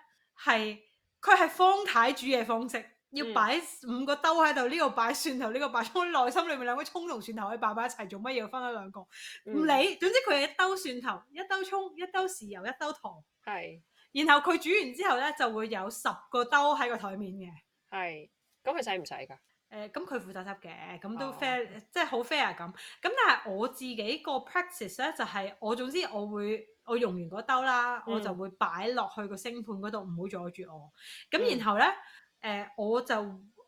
係佢係方太煮嘢方式。要擺五個兜喺度，呢個擺蒜頭，呢個擺蔥，內心裏面兩個蔥同蒜頭可以擺埋一齊做乜嘢？分開兩個，唔、嗯、理，總之佢係一兜蒜頭，一兜蔥，一兜豉油，一兜糖。係是。然後佢煮完之後咧，就會有十個兜喺個台面嘅。係。咁佢使唔使噶？誒、呃，咁佢負責執嘅，咁都 fair，、哦、即係好 fair 咁。咁但係我自己個 practice 咧，就係、是、我總之我會我用完嗰兜啦，嗯、我就會擺落去個星盤嗰度，唔好阻住我。咁然後咧。嗯誒、uh,，我就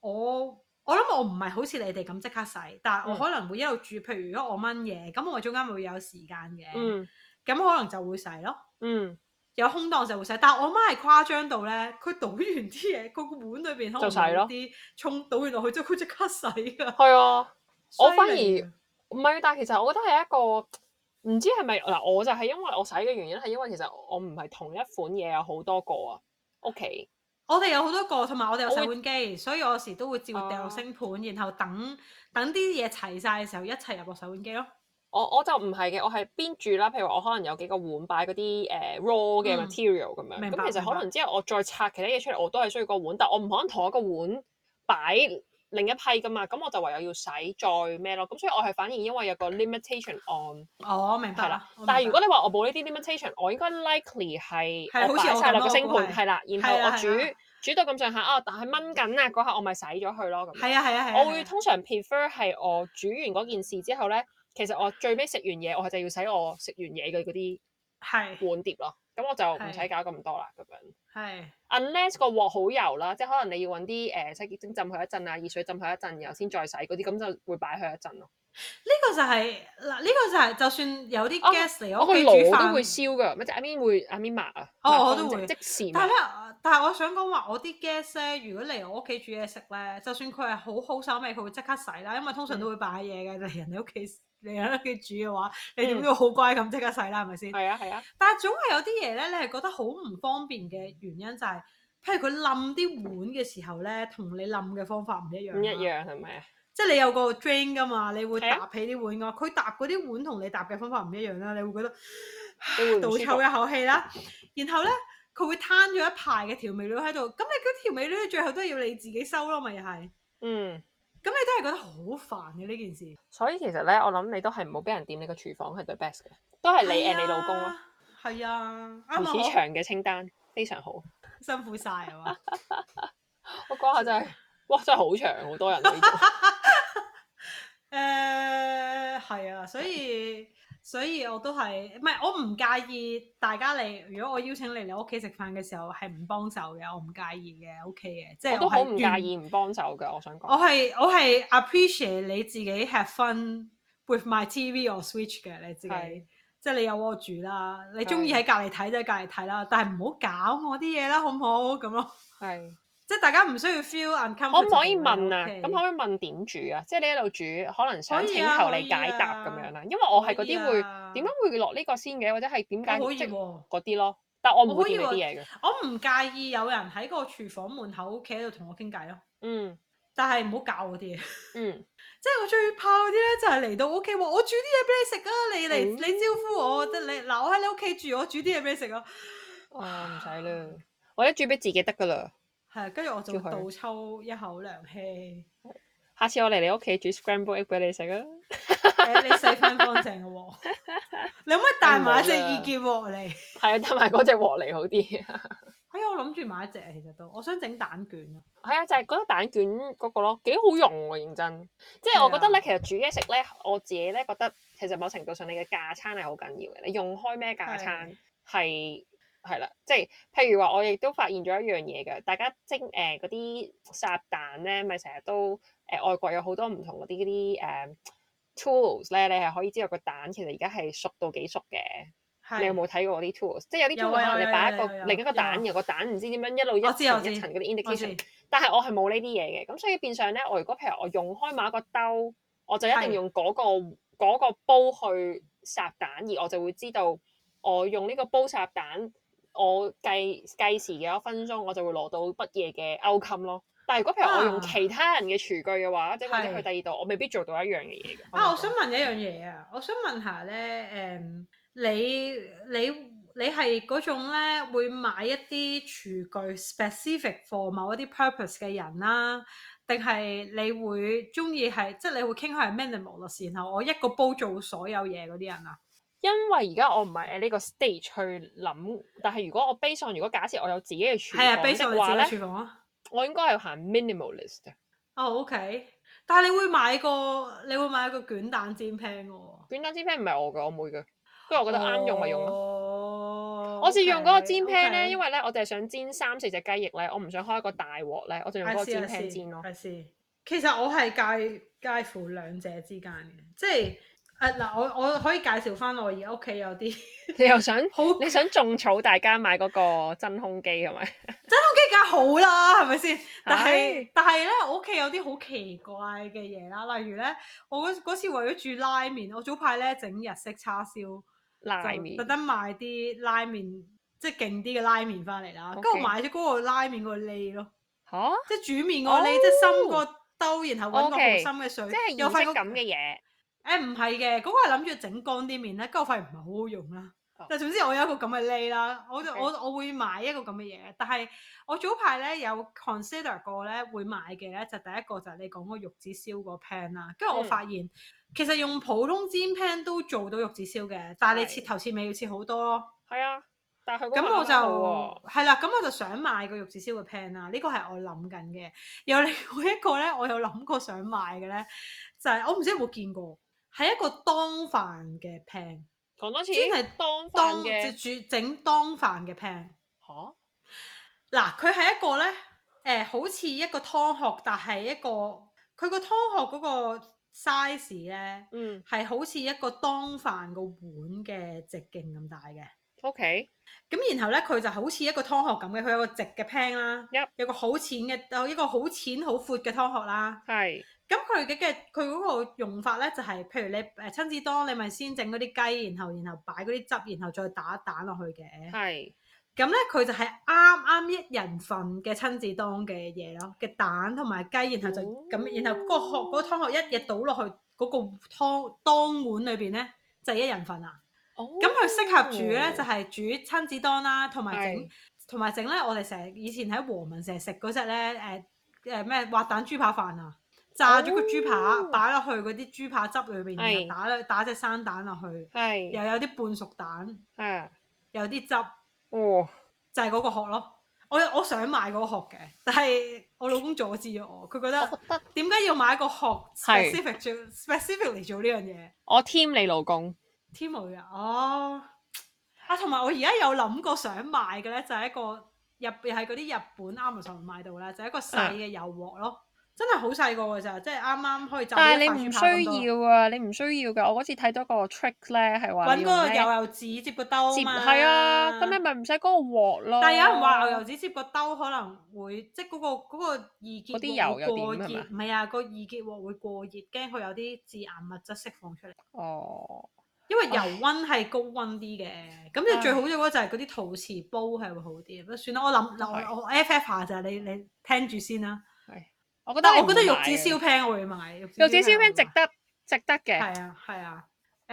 我我諗我唔係好似你哋咁即刻洗，但係我可能會一路住。嗯、譬如如果我炆嘢，咁我中間會有時間嘅，咁、嗯、可能就會洗咯。嗯，有空檔就會洗。但係我媽係誇張到咧，佢倒完啲嘢，個碗裏邊可能啲沖倒完落去，佢即刻洗噶。係啊，我反而唔係。 [LAUGHS] 但係其實我覺得係一個唔知係咪嗱，我就係因為我洗嘅原因係因為其實我唔係同一款嘢有好多個啊屋企。Okay. 我哋有好多個，同埋我哋有洗碗機，會所以我有時都會照掉落星盆，哦、然後等等啲嘢齊晒嘅時候，一齊入個洗碗機咯。我我就唔係嘅，我係邊住啦？譬如我可能有幾個碗擺嗰啲誒 raw 嘅 material 咁樣。咁、嗯、其實可能之後我再拆其他嘢出嚟，我都係需要個碗，但我唔可能同一個碗擺。另一批噶嘛，咁我就唯有要洗再咩咯，咁所以我係反而因為有個 limitation on 哦，明白啦。的白但係如果你話我冇呢啲 limitation，我應該 likely 係的，係擺晒落個星盤係啦，的的然後我煮煮到咁上下啊，但係炆緊啊嗰刻我咪洗咗佢咯。係啊係啊係啊！我會通常 prefer 係我煮完嗰件事之後咧，其實我最尾食完嘢，我係就要洗我食完嘢嘅嗰啲碗碟咯。咁我就唔使搞咁多啦，咁是樣。係。Unless 個鑊好油啦，即係可能你要揾啲誒，即係洗潔精浸佢一陣啊，熱水浸佢一陣，然後先再洗嗰啲，咁就會擺佢一陣咯。呢個就係、是、嗱，呢、這個就係、是、就算有啲 guest 嚟我屋企的煮飯，我都會燒㗎，咪即係面會面麻啊。I mean, I mean, I mean, Mark, 哦，Mark, 我都會即時但。但係咧，但係我想講話，我啲 guest 咧，如果嚟我屋企煮嘢食咧，就算佢係好好手尾，佢會即刻洗啦，因為通常都會擺嘢嘅，就係人哋屋企你喺屋企煮嘅話，你點都要好乖咁即、嗯、刻洗啦，係咪先？係啊係啊，啊但係總係有啲嘢咧，你係覺得好唔方便嘅原因就係、是，譬如佢冧啲碗嘅時候咧，同你冧嘅方法唔一，、啊、一樣。唔一樣係咪啊？即係你有個 d r i n k 噶嘛，你會搭起啲碗㗎。佢、啊、搭嗰啲碗同你搭嘅方法唔一樣啦、啊，你會覺得會倒抽一口氣啦。然後咧，佢會攤咗一排嘅調味料喺度，咁你嗰調味料最後都要你自己收咯咪又係。嗯。咁你都係覺得好煩嘅呢件事，所以其實咧，我諗你都係唔好俾人掂。你個廚房係最 best 嘅，都係你 and 你老公咯。係啊，如此、啊啊、長嘅清單非常好，辛苦晒啊嘛！ [LAUGHS] [LAUGHS] 我講下真係，哇，真係好長，好多人嚟做。誒係啊，所以。 [LAUGHS] 所以我都係，唔係我唔介意大家嚟。如果我邀請你嚟屋企食飯嘅時候，係唔幫手嘅，我唔介意嘅，OK 嘅，即係我都唔介意唔幫手嘅。我想講，我係我係 appreciate 你自己 have fun with my TV or switch 嘅你自己，是即係你有我住啦，你中意喺隔離睇就隔離睇啦，但係唔好搞我啲嘢啦，好唔好咁咯？係。即係大家唔需要 feel uncomfortable 可唔可以問啊？咁可唔可以問點煮啊？即係你喺度煮，可能想請求你解答咁樣啦。因為我係嗰啲會點解會落呢個先嘅，或者係點解即係嗰啲咯。但我唔會變啲嘢嘅。我唔介意有人喺個廚房門口企喺度同我傾偈咯。嗯，但係唔好教我啲嘢。嗯，即係我最怕嗰啲咧，就係嚟到屋企話我煮啲嘢俾你食啊！你嚟領招呼我，即係你嗱，我喺你屋企住，我煮啲嘢俾你食啊！啊，唔使啦，或者煮俾自己得噶啦。係，跟住、嗯、我就倒抽一口涼氣。下次我嚟你屋企煮 scramble egg 俾你食啊、 [LAUGHS] 欸！你洗翻乾，乾淨嘅喎， [LAUGHS] 你可唔可以帶埋隻、嗯、意見喎？你係啊，帶埋嗰隻鑊嚟好啲。哎 [LAUGHS] 呀、欸，我諗住買一隻啊，其實都，我想整蛋卷啊。係啊、欸，就係、是、覺得蛋卷嗰個咯，幾好用喎！認真，即係對我覺得咧，其實煮嘢食咧，我自己咧覺得，其實某程度上你嘅架撐係好緊要嘅，你用開咩架撐係。係啦，即係譬如話，我亦都發現咗一樣嘢嘅。大家蒸誒嗰啲烚蛋咧，咪成日都誒、呃、外國有好多唔同嗰啲啲誒 tools 咧，你係可以知道個蛋其實而家係熟到幾熟嘅。是你有冇睇過嗰啲 tools？即係有啲 tools，你擺一個另一個蛋有個蛋，唔知點樣一路一層一層嗰啲 indication。 [NOISE] 但係我係冇呢啲嘢嘅，咁所以變相咧，我如果譬如我用開某一個兜，我就一定用嗰、嗰個、是個煲去烚蛋，而我就會知道我用呢個煲烚蛋。我計計時嘅一分鐘，我就會攞到乜嘢嘅 outcome 咯。但係如果譬如我用其他人嘅廚具嘅話，或者、啊、去第二度，是我未必做到一樣嘅嘢。啊，我想問一樣嘢啊！嗯、我想問下咧，誒、嗯，你你你係嗰種咧會買一啲廚具 specific for 某一啲 purpose 嘅人啦、啊，定係你會中意係即係你會傾向係 minimalist，然後我一個煲做所有嘢嗰啲人啊？因為而家我唔係喺呢個 stage 去諗，但係如果我 based on，如果假設我有自己嘅廚房的話咧，啊、我應該係行 minimalist。哦、oh, OK，但係你會買個，你會買一個捲蛋煎 pan 嘅喎。捲蛋煎 pan 唔係我嘅，我妹嘅，不過我覺得啱用嚟用咯。我試用嗰個煎 pan 咧，因為咧我淨係想煎三四隻雞翼咧，我唔想開一個大鑊咧，我就用嗰個煎 pan 煎咯。啊啊啊啊啊啊啊、其實我係介介乎兩者之間嘅，即係。 [LAUGHS] [LAUGHS] 嗱，我我可以介紹翻我而家屋企有啲，你又想好你想種草大家買嗰個真空機係咪？真空機梗係好啦，係咪先？但係但係咧，我屋企有啲好奇怪嘅嘢啦，例如咧，我嗰次為咗煮拉麵，我早排咧整日式叉燒拉麵，特登買啲拉麵即係勁啲嘅拉麵翻嚟啦，跟住買咗嗰個拉麵個籠咯，嚇！即係煮麵嗰個，即係深個兜，然後揾個好深嘅水，又係咁嘅嘢。誒唔係嘅，嗰、欸嗰個係諗住整乾啲麵咧，跟住發現唔係好好用啦。但係、oh. 總之我有一個咁嘅呢啦，我就 Okay. 我我會買一個咁嘅嘢。但係我早排咧有 consider 過咧會買嘅咧，就第一個就係你講個玉子燒個 pan 啦。跟住我發現、嗯、其實用普通煎 pan 都做到玉子燒嘅，的但係你切頭切尾要切好多囉。係啊，但係咁我就係啦，咁我，就、哦、我就想買個玉子燒嘅 pan 啦。呢、呢個係我諗緊嘅。有另外一個咧，我有諗過想買嘅咧，就係、是、我唔知有冇見過。係一個當飯嘅 pan，講多次，已經係當飯嘅，就煮整當飯嘅 pan。嗱 Huh?，佢係一個呢，誒、呃，好似一個湯殼，但係一個佢個湯殼嗰個 size 呢，嗯，係好似一個當飯個碗嘅直徑咁大嘅。O K，咁然後呢，佢就好似一個湯殼咁嘅，佢有個直嘅 pan 啦，Yep. 有個好淺嘅，一個好淺好闊嘅湯殼啦，係。咁佢嘅嘅佢嗰個用法咧，就係、是、譬如你誒親子丼，你咪先整嗰啲雞，然後然後擺嗰啲汁，然後再打蛋落去嘅。係是。咁咧，佢就係啱啱一人份嘅親子丼嘅嘢咯，嘅蛋同埋雞，然後就咁、哦，然後嗰、那個殼嗰湯殼一日倒落去嗰個湯、那個、當碗裏邊咧，就是、一人份啊。咁佢適合煮咧，就係煮親子丼啦，同埋整，同埋整咧，我哋成日以前喺和文成日食嗰隻咧，誒誒咩滑蛋豬扒飯啊。炸咗個豬扒，擺落去嗰啲豬扒汁裏面，oh. 然後打咧打隻生蛋落去，又、oh. 有啲半熟蛋，oh. 又有啲汁，哦，就係、是、嗰個殼咯。我我想買嗰殼嘅，但係我老公阻止咗我，佢覺得點解要買一個殼 specific specifically 做呢樣嘢？我 team 你老公，team 我啊哦。啊，同埋我而家有諗過想買嘅咧，就係、是、一個日系嗰啲日本 Amazon 買到啦，就係、是、一個細嘅油鑊咯。 [LAUGHS] 真係好細個㗎咋，即係啱啱可以走。但係你唔需要啊，你唔需要㗎、啊啊。我嗰次睇到個 trick 咧，係話揾嗰個牛油紙接個兜。接係啊，咁你咪唔使嗰個鑊咯。但係有人話牛油紙接個兜可能會，即係嗰、那個嗰、那個易潔、啊那個、潔會過熱。唔係啊，個易潔鑊會過熱，驚佢有啲致癌物質釋放出嚟。哦，因為油溫係高溫啲嘅，咁你、哎、最好嘅話就係嗰啲陶瓷煲係會好啲。不過算啦，我諗嗱是我 ff 下咋，你你，你聽住先啦。我覺得我覺得玉子燒 pan 我會買，玉子燒 pan 值得值得嘅。係啊係啊，誒、啊，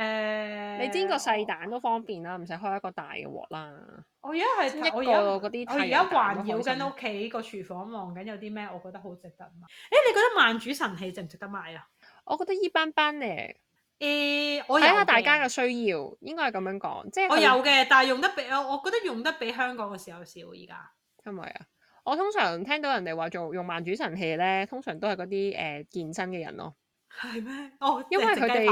欸、你煎個細蛋都方便啦，唔使開一個大嘅鑊啦。我而家係，我有啲。我而家環繞緊屋企個廚房，望緊有啲咩，我覺得好值得買。誒、欸，你覺得慢煮神器值唔值得買啊？我覺得一般般咧，誒、欸，我睇下大家嘅需要，應該係咁樣講，即係我有嘅，但係用得比，我覺得用得比香港嘅時候少，而家係咪？啊。我通常聽到人哋話做用慢煮神器咧，通常都係嗰啲誒健身嘅人咯。係咩？哦，因為佢哋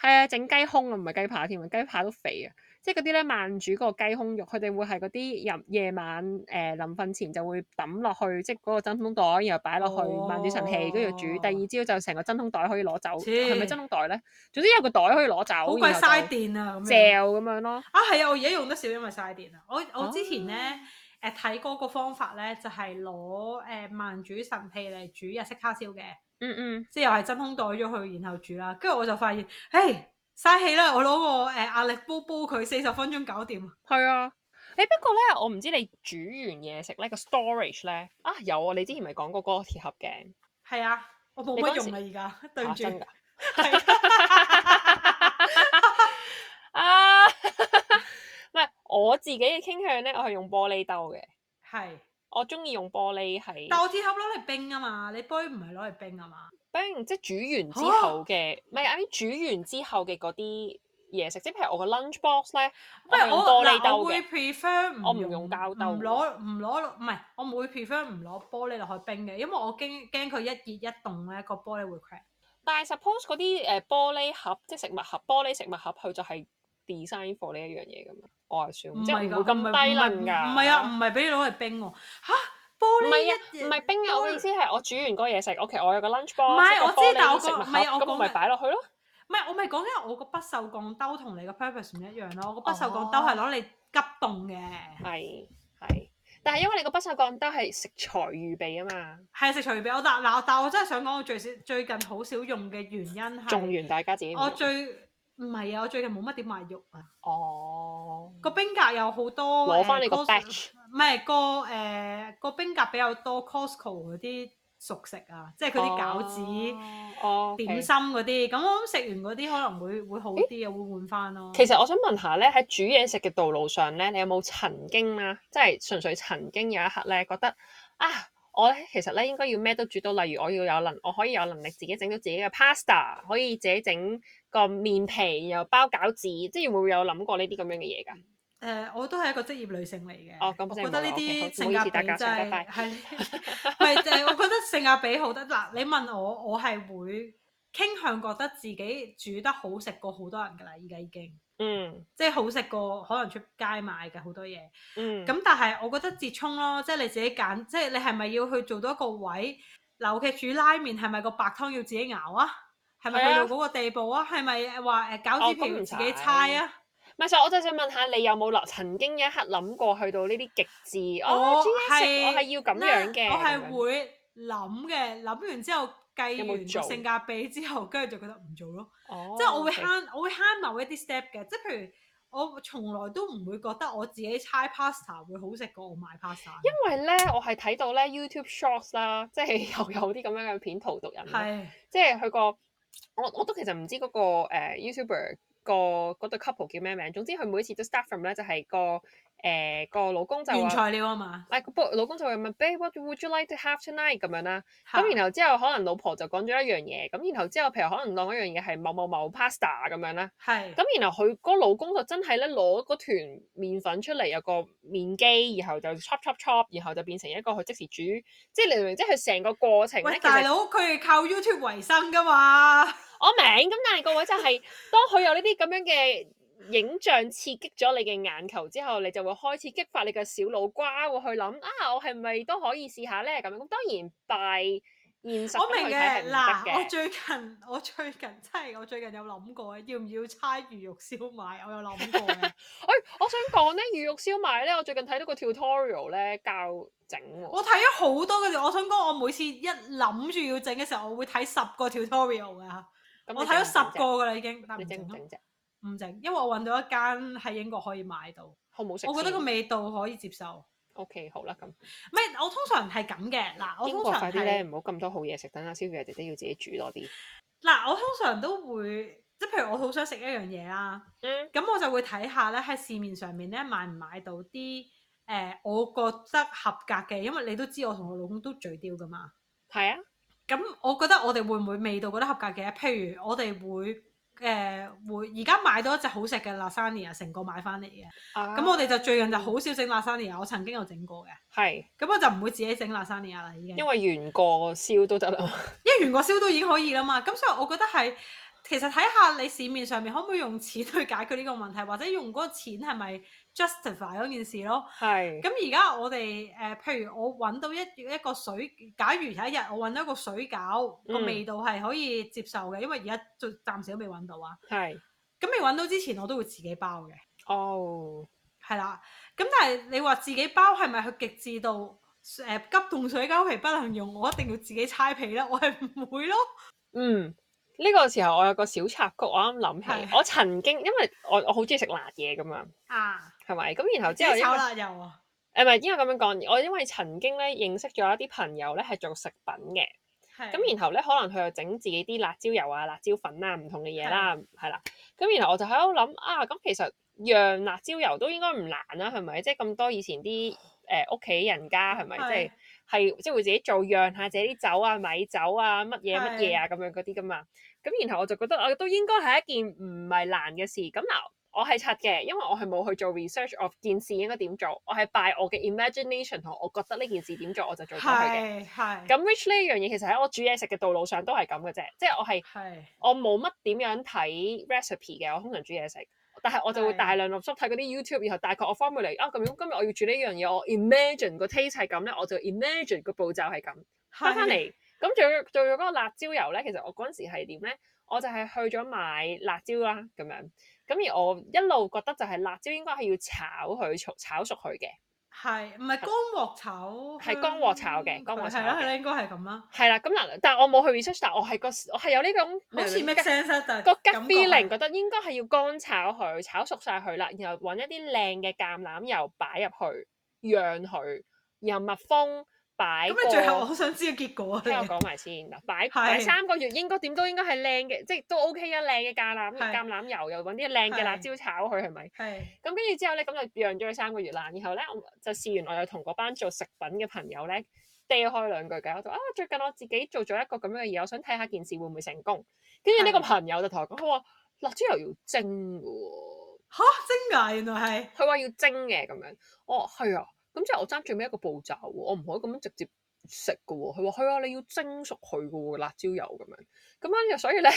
係啊，整雞胸啊，唔係雞扒添啊，雞扒都肥啊。即係嗰啲咧慢煮嗰個雞胸肉，佢哋會係嗰啲入夜晚誒、呃、臨瞓前就會抌落去，即係嗰個真空袋，然後擺落去慢煮神器，跟住、哦、煮。第二朝就成個真空袋可以攞走。黐、啊？係咪真空袋咧？總之有個袋可以攞走。好鬼嘥電啊！嚼咁樣咯。啊，係啊！我而家用得少，因為嘥電啊。我我之前咧。Okay. 誒睇嗰個方法咧，就係攞誒慢煮神器嚟煮日式叉燒嘅，嗯嗯，即係又係真空袋咗佢，然後煮啦。跟住我就發現，誒嘥氣啦！我攞個誒壓、呃、力煲煲佢四十分鐘搞掂。係啊、嗯嗯，誒、欸、不過咧，我唔知你煮完嘢食咧個 storage 咧啊有啊，你之前咪講過嗰個鐵盒嘅。係啊，我冇乜用啦而家，對唔住。真係啊。啊 [LAUGHS] [LAUGHS] 啊我自己嘅傾向咧，我係用玻璃兜嘅。係是，我中意用玻璃係。係我鐵盒攞嚟冰啊嘛，你杯唔係攞嚟冰啊嘛？冰即係煮完之後嘅，唔係啱啱煮完之後嘅嗰啲嘢食。即係我個 lunch box 咧，不是我用玻璃兜嘅。我唔用膠兜。唔攞唔攞唔係，我唔會 prefer 唔攞玻璃落去冰嘅，因為我驚驚佢一熱一凍咧個玻璃會 crack。但係 suppose 嗰啲誒玻璃盒，即係食物盒、玻璃食物盒，佢就係、是。Design for 呢一樣嘢咁啊，我係算唔係咁低能㗎？唔係啊，唔係俾你攞嚟冰喎。嚇，玻璃唔係啊，唔係冰啊。我意思係我煮完嗰個嘢食，我其實我有個 lunch box，唔係我知，但係我講唔係我講，咁咪擺落去咯。唔係我咪講緊我個不鏽鋼兜同你個 purpose 唔一樣咯。我個不鏽鋼兜係攞嚟急凍嘅，係係。但係因為你個不鏽鋼兜係食材預備啊嘛。係食材預備。我但，嗱，但係我真係想講我最少最近好少用嘅原因係用完大家自己。我最。唔係啊！我最近冇乜點買肉啊。哦，個冰格有好多攞翻你個 batch，唔係個誒個冰格比較多 Costco 嗰啲熟食啊，oh, 即係佢啲餃子、oh, okay. 點心嗰啲。咁我食完嗰啲可能會會好啲啊，欸、會換翻咯。其實我想問下咧，喺煮嘢食嘅道路上咧，你有冇曾經啊？即係純粹曾經有一刻咧覺得啊，我咧其實咧應該要咩都煮到，例如我要有能我可以有能力自己整到自己嘅 pasta，可以自己整。個麵皮又包餃子，即係會唔會有諗過呢啲咁樣嘅嘢噶？誒、呃，我都係一個職業女性嚟嘅。哦，咁我覺得呢啲、okay, 好性格，即係係，係即係，我覺得性價比好得嗱。你問我，我係會傾向覺得自己煮得好食過好多人噶啦，而家已經。嗯。即係好食過可能出街買嘅好多嘢。嗯。咁但係我覺得折衷咯，即係你自己揀，即係你係咪要去做到一個位，尤其煮拉麵係咪個白湯要自己熬啊？係咪去到嗰個地步啊？係咪話誒，餃子皮自己搓啊？唔係，所以我就想問下你有冇諗？曾經有一刻諗過去到呢啲極致，我係我係要咁樣嘅，我係會諗嘅。諗完之後計完性價比之後，跟住就覺得唔做咯。哦，即係我會慳，我會慳某一啲 step 嘅。即係譬如我從來都唔會覺得我自己搓 pasta 會好食過我買 pasta。因為咧，我係睇到咧 YouTube shorts 啦，即係又有啲咁樣嘅片荼毒人，即係佢個。我我都其實唔知嗰、那個誒、uh, YouTuber。個嗰對 couple 叫咩名？總之佢每次都 start from 咧，就係、是、個誒、呃、個老公就原材料啊嘛，誒個、哎、老公就會問，baby, what would you like to have tonight 咁樣啦。咁的然後之後可能老婆就講咗一樣嘢，咁然後之後譬如可能當一樣嘢係某某某 pasta 咁樣啦。係的。咁然後佢個老公就真係咧攞嗰團麵粉出嚟，有個麵機，然後就 chop chop chop，ch 然後就變成一個佢即時煮，即係明明即係成個過程，喂大佬佢係靠 YouTube 為生噶嘛？我明，咁但係各位就係真係，當佢有呢啲咁樣嘅影像刺激咗你嘅眼球之後，你就會開始激發你嘅小腦瓜會去諗啊，我係咪都可以試下呢？咁樣咁當然拜現實我明嘅，我最近我最近真係我最近有諗過，要唔要猜魚肉燒賣？我有諗過，哎， [LAUGHS] 我想講呢魚肉燒賣呢，我最近睇到個 tutorial 呢，教整，我睇咗好多嘅，我想講我每次一諗住要整嘅時候，我會睇十個 tutorial 噶。整唔整我睇咗十個噶啦，已經，唔整，唔整，因為我揾到一間喺英國可以買到，好唔好食我覺得個味道可以接受。OK，好啦，咁，唔係我通常係咁嘅，嗱，英國，我通常快啲咧，唔好咁多好嘢食，等阿小魚阿姐姐要自己煮多啲。嗱，我通常都會，即係譬如我好想食一樣嘢啦，咁、嗯、我就會睇下咧喺市面上面咧買唔買到啲誒、呃，我覺得合格嘅，因為你都知我同我老公都嘴刁噶嘛。係啊。咁我覺得我哋會唔會味道覺得合格嘅？譬如我哋會誒、呃、會而家買到一隻好食嘅 lasagna，成個買翻嚟嘅。咁、啊、我哋就最近就好少整 lasagna，我曾經有整過嘅。係是。咁我就唔會自己整 lasagna 啦，已經。因為完個燒都得啦。因為 [LAUGHS] 完個燒都已經可以啦嘛，咁所以我覺得係其實睇下你市面上面可唔可以用錢去解決呢個問題，或者用嗰個錢係咪？Justify 嗰件事咯，係咁而家我哋誒、呃，譬如我揾到一一個水，假如有一日我揾到一個水餃個、嗯、味道係可以接受嘅，因為而家就暫時都未揾到啊。係咁是未揾到之前，我都會自己包嘅。哦，係啦。咁但係你話自己包係咪去極致到誒、呃、急凍水餃皮不能用，我一定要自己拆皮咧？我係唔會咯。嗯，呢、這個時候我有個小插曲，我啱諗起，是我曾經因為我我好中意食辣嘢咁樣啊。係咪？咁然後之後炒辣油啊？誒唔係，因為咁樣講，我因為曾經咧認識咗一啲朋友咧係做食品嘅，咁是然後咧可能佢又整自己啲辣椒油啊、辣椒粉啊、唔同嘅嘢啦，係是啦。咁然後我就喺度諗啊，咁其實釀辣椒油都應該唔難啦、啊，係咪？即係咁多以前啲誒屋企人家係咪是即係係即係會自己做釀下自己啲酒啊、米酒啊、乜嘢乜嘢啊咁樣嗰啲㗎嘛。咁然後我就覺得我、啊、都應該係一件唔係難嘅事。咁、啊、嗱。我係刷嘅，因為我係冇去做 research，of 件事應該點做，我係 by 我嘅 imagination 同我覺得呢件事點做，我就做咗佢嘅。係，咁 which 呢一樣嘢其實喺我煮嘢食嘅道路上都係咁嘅啫，即係我係是我冇乜點樣睇 recipe 嘅，我通常煮嘢食，但係我就會大量落足睇嗰啲 YouTube，然後大概我 formulate 啊咁樣，今日我要煮呢樣嘢，我 imagine 個 taste 係咁咧，我就 imagine 個步驟係咁翻返嚟。咁仲有仲有仲有嗰個辣椒油咧，其實我嗰陣時係點咧？我就係去咗買辣椒啦，咁樣。咁而我一路覺得就係辣椒應該係要炒佢，炒熟佢嘅。係，唔係乾鑊炒。係乾鑊炒嘅，乾鑊炒。係啦，應該係咁啦。係啦，咁嗱，但係我冇去 research，但我係個，我係有呢種，好似咩聲聲，但係個感覺。個 gut feeling 覺得應該係要乾炒佢，炒熟晒佢啦，然後揾一啲靚嘅橄欖油擺入去，讓佢，然後密封。咁你最後我好想知個結果，聽我講埋先。擺第是三個月應該點都應該係靚嘅，即係都 OK 啊，靚嘅橄欖、是橄欖油又，又揾啲靚嘅辣椒炒佢，係咪？係是。咁跟住之後咧，咁就讓咗佢三個月啦。然後咧，我就試完，我又同嗰班做食品嘅朋友咧，嗲開兩句偈，我話：啊，最近我自己做咗一個咁樣嘅嘢，我想睇下件事會唔會成功。跟住呢個朋友就同我講：佢話辣椒油要蒸嘅喎。嚇，蒸㗎？原來係。佢話要蒸嘅咁樣。哦，係啊。咁即係我爭最尾一個步驟喎，我唔可以咁樣直接食噶喎。佢話去啊，你要蒸熟佢噶喎，辣椒油咁樣。咁樣就，所以咧，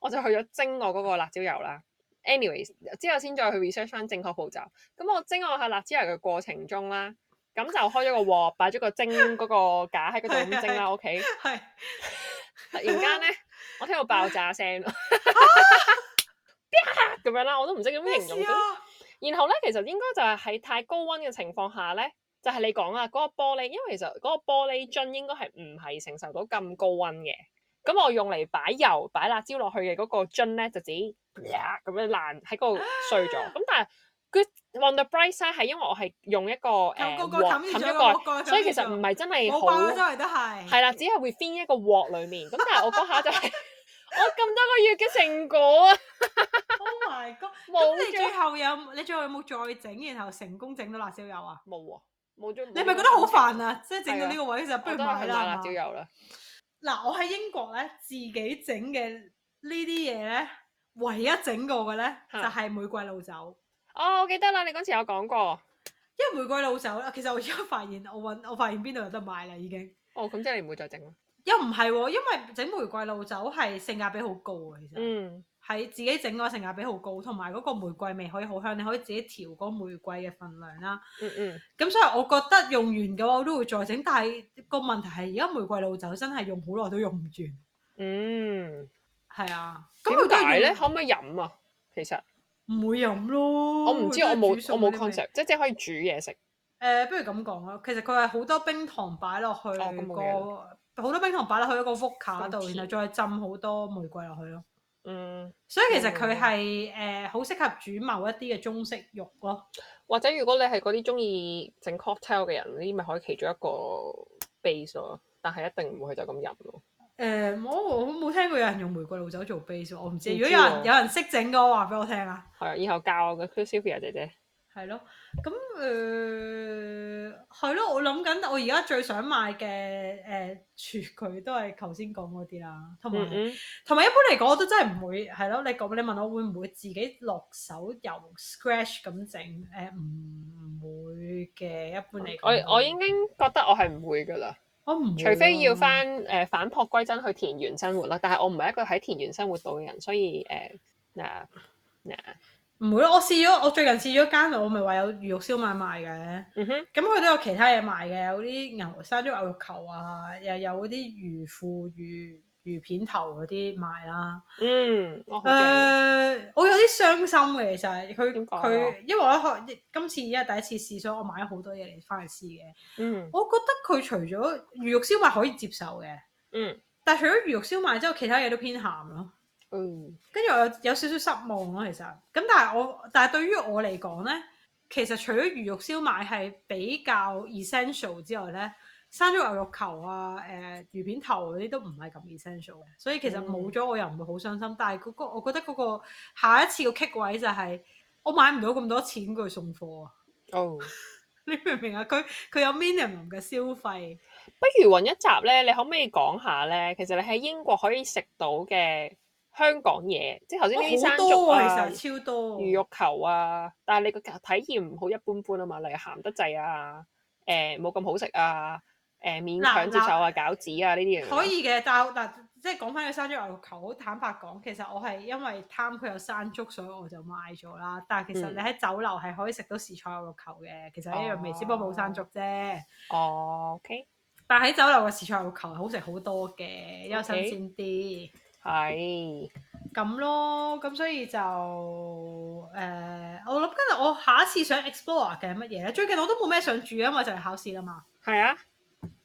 我就去咗蒸我嗰個辣椒油啦。anyways，之後先再去 research 翻 che 正確步驟。咁我蒸我下辣椒油嘅過程中啦，咁就開咗個鑊，擺咗個蒸嗰個架喺嗰度咁蒸啦。O K，係突然間咧，我聽到爆炸聲咯，咁、 [LAUGHS] 啊、 [LAUGHS] 樣啦，我都唔知點樣形容。 [LAUGHS] 然後咧，其實應該就係喺太高温嘅情況下咧，就係、是、你講啊嗰個玻璃，因為其實嗰個玻璃樽應該係唔係承受到咁高温嘅。咁 [LAUGHS] 我用嚟擺油、擺辣椒落去嘅嗰個樽咧，就只咁樣爛喺嗰度碎咗。咁 [LAUGHS] 但係 good on the bright side 係因為我係用一個誒鑊冚一個，所以其實唔係真係好係啦，只係會 within 一個鑊裏面。咁但係我嗰下就係。我咁多個月嘅成果啊！Oh my god！咁 [LAUGHS] 了你最後有你最後有冇再整，然後成功整到辣椒油啊？冇啊，冇做。你咪覺得好煩啊！即係整到呢個位，其實了不如買辣椒油啦。嗱，我喺英國咧，自己整嘅呢啲嘢咧，唯一整過嘅咧，嗯、就係玫瑰露酒。哦，我記得啦，你嗰時有講過。因為玫瑰露酒咧，其實我而家發現，我搵我發現邊度有得買啦，已經。哦，咁即係你唔會再整啦。又唔係喎，因為整玫瑰露酒係性價比好高嘅。其實。嗯。喺自己整嘅話，性價比好高，同埋嗰個玫瑰味可以好香，你可以自己調嗰玫瑰嘅份量啦。嗯嗯。咁所以我覺得用完嘅話，我都會再整。但係個問題係，而家玫瑰露酒真係用好耐都用唔完。嗯。係啊。咁點解咧？可唔可以飲啊？其實。唔會飲咯。我唔知我冇我冇 concept，即係只可以煮嘢食。誒、呃，不如咁講啊，其實佢係好多冰糖擺落去個。哦好多冰糖擺落去一個福卡度，嗯、然後再浸好多玫瑰落去咯。嗯，所以其實佢係誒好適合煮某一啲嘅中式肉咯。或者如果你係嗰啲中意整 cocktail 嘅人，你咪可以其中一個 base 咯。但係一定唔會就咁飲咯。誒、呃，我冇聽過有人用玫瑰露酒做 base，我唔知，知如果有人、哦、有人識整嘅，我話俾我聽啊。係啊，以後教我嘅 Sylvia 姐姐。係咯，咁誒係咯，我諗緊，我而家最想買嘅誒、呃、廚具都係頭先講嗰啲啦，同埋同埋一般嚟講，我都真係唔會係咯。你講你問我會唔會自己落手由 scratch 咁整誒？唔、呃、會嘅，一般嚟講，我我已經覺得我係唔會㗎啦。我唔、啊、除非要翻誒返璞歸真去田園生活啦，但係我唔係一個喺田園生活到嘅人，所以誒嗱嗱。呃呃呃呃呃呃呃呃唔會咯，我試咗，我最近試咗間，我咪話有魚肉燒賣賣嘅。咁佢、mm hmm. 都有其他嘢賣嘅，有啲牛山竹牛肉球啊，又有啲魚腐魚魚片頭嗰啲賣啦。嗯，我我有啲傷心嘅，其實佢佢、啊，因為我今次而家第一次試，所以我買咗好多嘢嚟翻去試嘅。Mm hmm. 我覺得佢除咗魚肉燒賣可以接受嘅，嗯、mm，hmm. 但係除咗魚肉燒賣之後，其他嘢都偏鹹咯。Mm hmm. mm hmm. 嗯，跟住我有少少失望咯。其實咁，但係我但係對於我嚟講呢，其實除咗魚肉燒賣係比較 essential 之外呢，山竹牛肉球啊、誒、呃、魚片頭嗰啲都唔係咁 essential 嘅。所以其實冇咗、嗯、我又唔會好傷心。但係、嗰個我覺得嗰、嗰個下一次個 kick 位就係、是、我買唔到咁多錢佢送貨啊。哦， [LAUGHS] 你明唔明啊？佢佢有 minimum 嘅消費。不如揾一集呢，你可唔可以講下呢？其實你喺英國可以食到嘅。香港嘢，即係頭先啲山竹、啊哦好多，啊、其實超多，魚肉球啊，但係你個體驗唔好一般般啊嘛。例如鹹得滯啊、誒冇咁好食啊、誒、欸、勉強接受啊，啊餃子啊呢啲嘢。啊啊、可以嘅，但嗱，即係講翻個山竹牛肉球，好坦白講，其實我係因為貪佢有山竹，所以我就買咗啦。但係其實你喺酒樓係可以食到時菜牛肉球嘅，嗯、其實一樣味，哦、只不過冇山竹啫。哦，OK。但係喺酒樓嘅時菜牛肉球係好食好多嘅，Okay. 因為新鮮啲。係咁、哎、咯，咁所以就誒、呃，我諗今日我下一次想 explore 嘅乜嘢咧？最近我都冇咩想煮啊，因為就嚟考試啦嘛。係啊，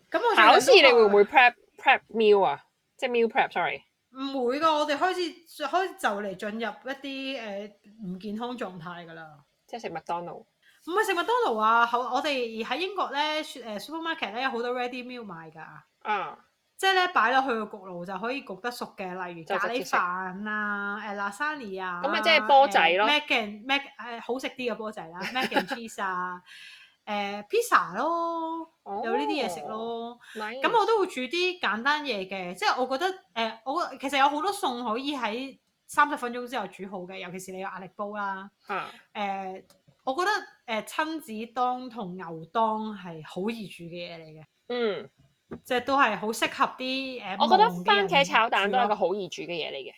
咁我考試，你會唔會 prep prep meal 啊？即、就、係、是、meal prep，sorry，唔會噶。我哋開始開始就嚟進入一啲誒唔健康狀態噶啦，即係食麥當勞，唔係食麥當勞啊！好，我哋喺英國咧，誒，supermarket、呃、咧有好多 ready meal 賣噶啊。即係咧擺落去個焗爐就可以焗得熟嘅，例如咖喱飯啊、誒 lasagna 啊，咁咪即係波仔咯。Mac and Mac 誒好食啲嘅波仔啦，Mac and cheese 啊，誒、呃、pizza 咯，oh, 有呢啲嘢食咯。咁 nice. 我都會煮啲簡單嘢嘅，即、就、係、是、我覺得誒、呃，我其實有好多餸可以喺三十分鐘之後煮好嘅，尤其是你有壓力煲啦。誒、uh. 呃，我覺得誒、呃、親子當同牛當係好易煮嘅嘢嚟嘅。嗯。Mm. 即係都係好適合啲誒，呃、我覺得番茄炒蛋都係一個好易煮嘅嘢嚟嘅。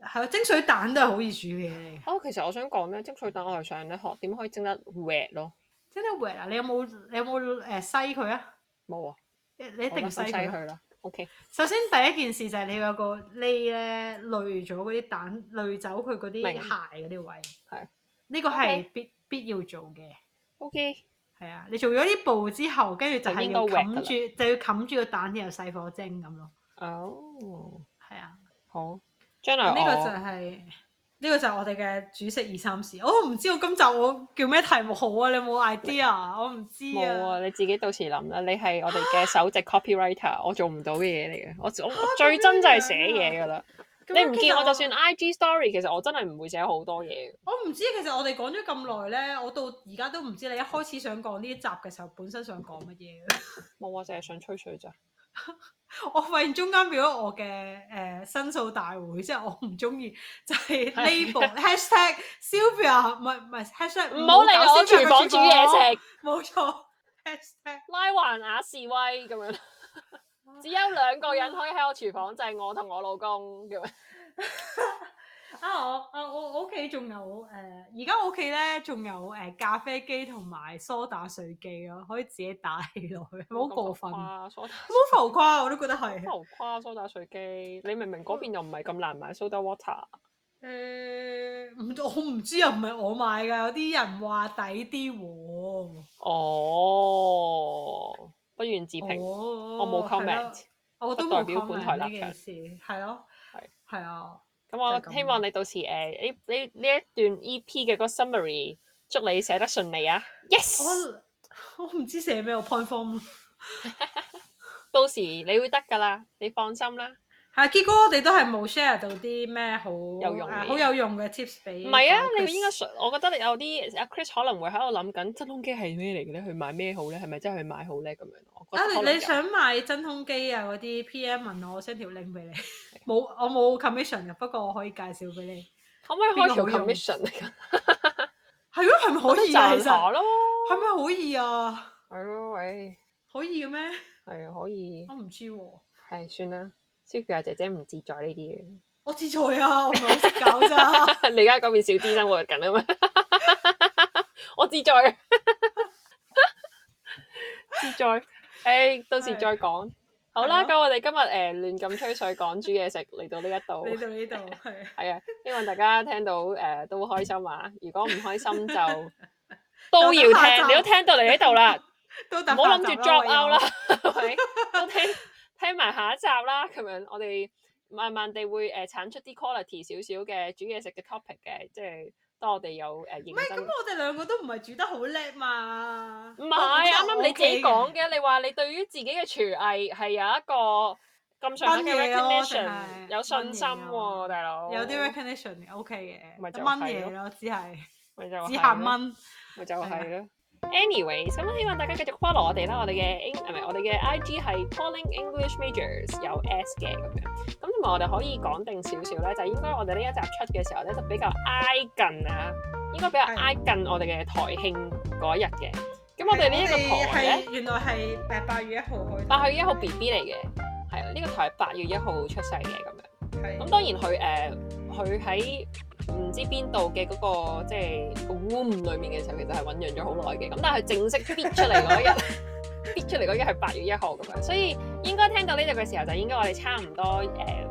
誒，係咯，蒸水蛋都係好易煮嘅嘢嚟。哦，其實我想講咧，蒸水蛋我，我係上咧學點可以蒸得滑咯。蒸得滑啊？你有冇？你有冇誒篩佢啊？冇啊。你一定要篩佢啦。OK，首先第一件事就係你要有個呢咧，濾咗嗰啲蛋，濾走佢嗰啲鞋，嗰啲位，係呢白個係必必要做嘅。O K 白。白係啊，你做咗呢步之後，跟住就係要冚住，就要冚住個蛋，然後細火蒸咁咯。哦，係啊，好。咁呢、嗯，這個就係、是、呢、這個就係我哋嘅煮食二三事。我、哦、唔知道今集我叫咩題目好啊？你有冇 idea？我唔知啊，啊。你自己到時諗啦。你係我哋嘅首席 copywriter， [LAUGHS] 我做唔到嘅嘢嚟嘅。我我最憎就係寫嘢噶啦。你唔見我就算 I G Story，其實，其實我真係唔會寫好多嘢。我唔知，其實我哋講咗咁耐咧，我到而家都唔知你一開始想講呢一集嘅時候，本身想講乜嘢。冇， [LAUGHS] 我淨係想吹水咋。 [LAUGHS] 我發現中間變咗我嘅誒、呃、申訴大會，即係我唔中意就係、是、呢部 [LAUGHS] Hashtag Sylvia，唔係唔係 Hashtag。唔好嚟我個廚房煮嘢食。冇錯，Hashtag 拉環亞示威咁樣。 [LAUGHS] 只有兩個人可以喺我廚房， [LAUGHS] 就係我同我老公叫咩？啊、 [LAUGHS] uh, 我啊我、呃、我屋企仲有誒，而家我屋企咧仲有誒咖啡機同埋梳打水機咯，可以自己打氣落去，好過分，好浮誇，我都覺得係浮誇。梳、啊、打水機，你明明嗰邊又唔係咁難買 soda water。誒，唔、嗯嗯、我唔知又唔係我買㗎，有啲人話抵啲喎。哦。Oh. 不願自評、哦，我冇 comment，我覺得代表本台立場。係咯，係，係啊，咁我希望你到時誒呢呢一段 EP 嘅個 summary，祝你寫得順利啊，yes，我唔知寫咩，我 point form，、啊、 [LAUGHS] 到時你會得㗎啦，你放心啦。係，結果我哋都係冇 share 到啲咩好有用、好有用嘅 tips 俾。唔係啊，你應該想，我覺得你有啲阿 Chris 可能會喺度諗緊真空機係咩嚟嘅咧？去買咩好咧？係咪真係去買好咧？咁樣啊，你想買真空機啊？嗰啲 PM 問我我 send 條 link 俾你。冇，我冇 commission 嘅，不過我可以介紹俾你。可唔可以開條 commission 嚟㗎？係咯，係咪可以啊？其實係咪可以啊？係咯，喂。可以嘅咩？係啊，可以。我唔知喎。係，算啦。Tiffany 姐姐唔志在呢啲嘢，我志在啊，我唔係好識搞咋，你而家嗰邊少啲生活緊啊嘛，我志在，志在，誒，到時再講。好啦，咁我哋今日誒亂咁吹水講煮嘢食嚟到呢一度，嚟到呢度係啊，希望大家聽到誒都開心啊！如果唔開心就都要聽，你都聽到嚟呢度啦，都唔好諗住 drop out 啦都聽。聽埋下一集啦，咁樣我哋慢慢地會誒產、呃、出啲 quality 少少嘅煮嘢食嘅 topic 嘅，即係當我哋有誒認真，唔係，咁、呃、我哋兩個都唔係煮得好叻嘛。唔係， [LAUGHS] 啱啱你自己講嘅，你話你對於自己嘅廚藝係有一個咁新嘅咯，recognition, 有信心喎、啊，大佬哥。有啲 recognition，OK、okay、嘅。唔係就嘢、是、咯，只係。咪就係。只限燜，咪就係咯。Anyway，咁希望大家繼續 follow 我哋啦，我哋嘅英我哋嘅 IG 係 Calling English Majors 有 S 嘅咁樣。咁同埋我哋可以講定少少咧，就應該我哋呢一集出嘅時候咧，就比較挨近啊，gun, 應該比較挨近我哋嘅台慶嗰日嘅。咁的我哋呢一個台咧，原來係八八月一號開，八月一號 BB 嚟嘅，係啊的，呢、呢個台係八月一號出世嘅咁樣。咁的當然佢誒佢喺。呃唔知邊度嘅嗰個即係，個 room 裏面嘅時候，其實係醖釀咗好耐嘅。咁但係正式出 bit [LAUGHS] 出嚟嗰日，bit 出嚟嗰日係八月一號咁樣。所以應該聽到呢度嘅時候，就應該我哋差唔多誒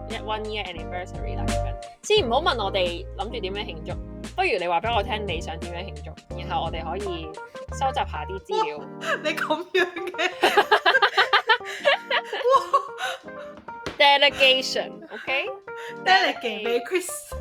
一、uh, one year anniversary 啦咁樣。先唔好問我哋諗住點樣慶祝，不如你話俾我聽你想點樣慶祝，然後我哋可以收集下啲資料。你咁樣嘅 delegation OK，delegation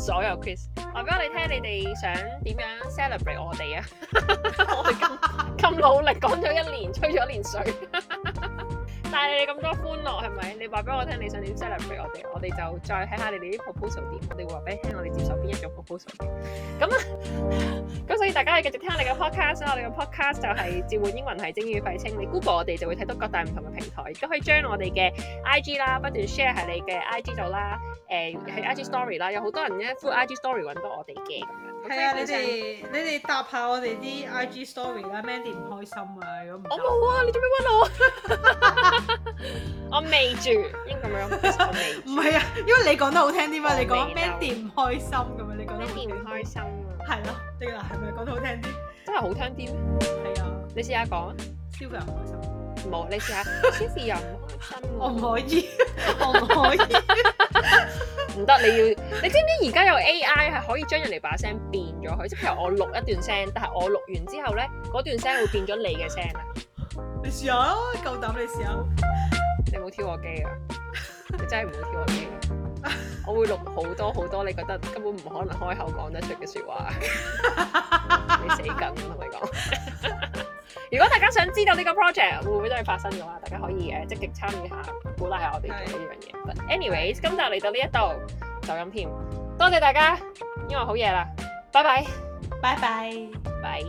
所有 Chris，話俾我哋聽，你哋想點樣 celebrate 我哋啊？ [LAUGHS] 我哋咁咁努力講咗一年，吹咗一年水。 [LAUGHS] 但係你咁多歡樂係咪？你話俾我聽，你想點 celebrate 我哋？我哋就再睇下你哋啲 proposal 點，我哋會話俾你聽，我哋接受邊一種 proposal。咁啊，咁所以大家可以繼續聽下你嘅 podcast 我哋嘅 podcast 就係、是、召喚英文係」、「精英與廢青。你 Google 我哋就會睇到各大唔同嘅平台，都可以將我哋嘅 IG 啦不斷 share 喺你嘅 IG 度啦。誒、呃、喺 IG story 啦，有好多人咧 full IG story 揾到我哋嘅係啊，你哋你哋答下我哋啲 IG story 啦，Mandy 唔開心啊，如果唔，我冇啊，你做咩屈我我未住，應該咁樣，唔係啊，因為你講得好聽啲嘛，你講 Mandy 唔開心咁樣，你講得 Mandy 唔開心啊？係咯，對喇，係咪講得好聽啲？真係好聽啲咩？係啊，你試下講，超又唔開心。冇，你試下，超時又唔開心，我唔可以，我唔可以。唔得，你要你知唔知而家有 AI 係可以將人哋把聲變咗佢，即係譬如我錄一段聲，但係我錄完之後咧，嗰段聲會變咗你嘅聲啊！你試下咯，夠膽你試下。你冇挑我機啊！你真係唔好挑我機。 [LAUGHS] 我會錄好多好多，你覺得根本唔可能開口講得出嘅說話。 [LAUGHS] 你死梗，同你講。如果大家想知道呢個 project 會唔會都係發生嘅話，大家可以誒積極參與下，鼓勵下我哋做呢樣嘢。But anyways，今集嚟到呢一度就咁添。多謝大家，因為好夜啦，拜拜，拜拜，拜。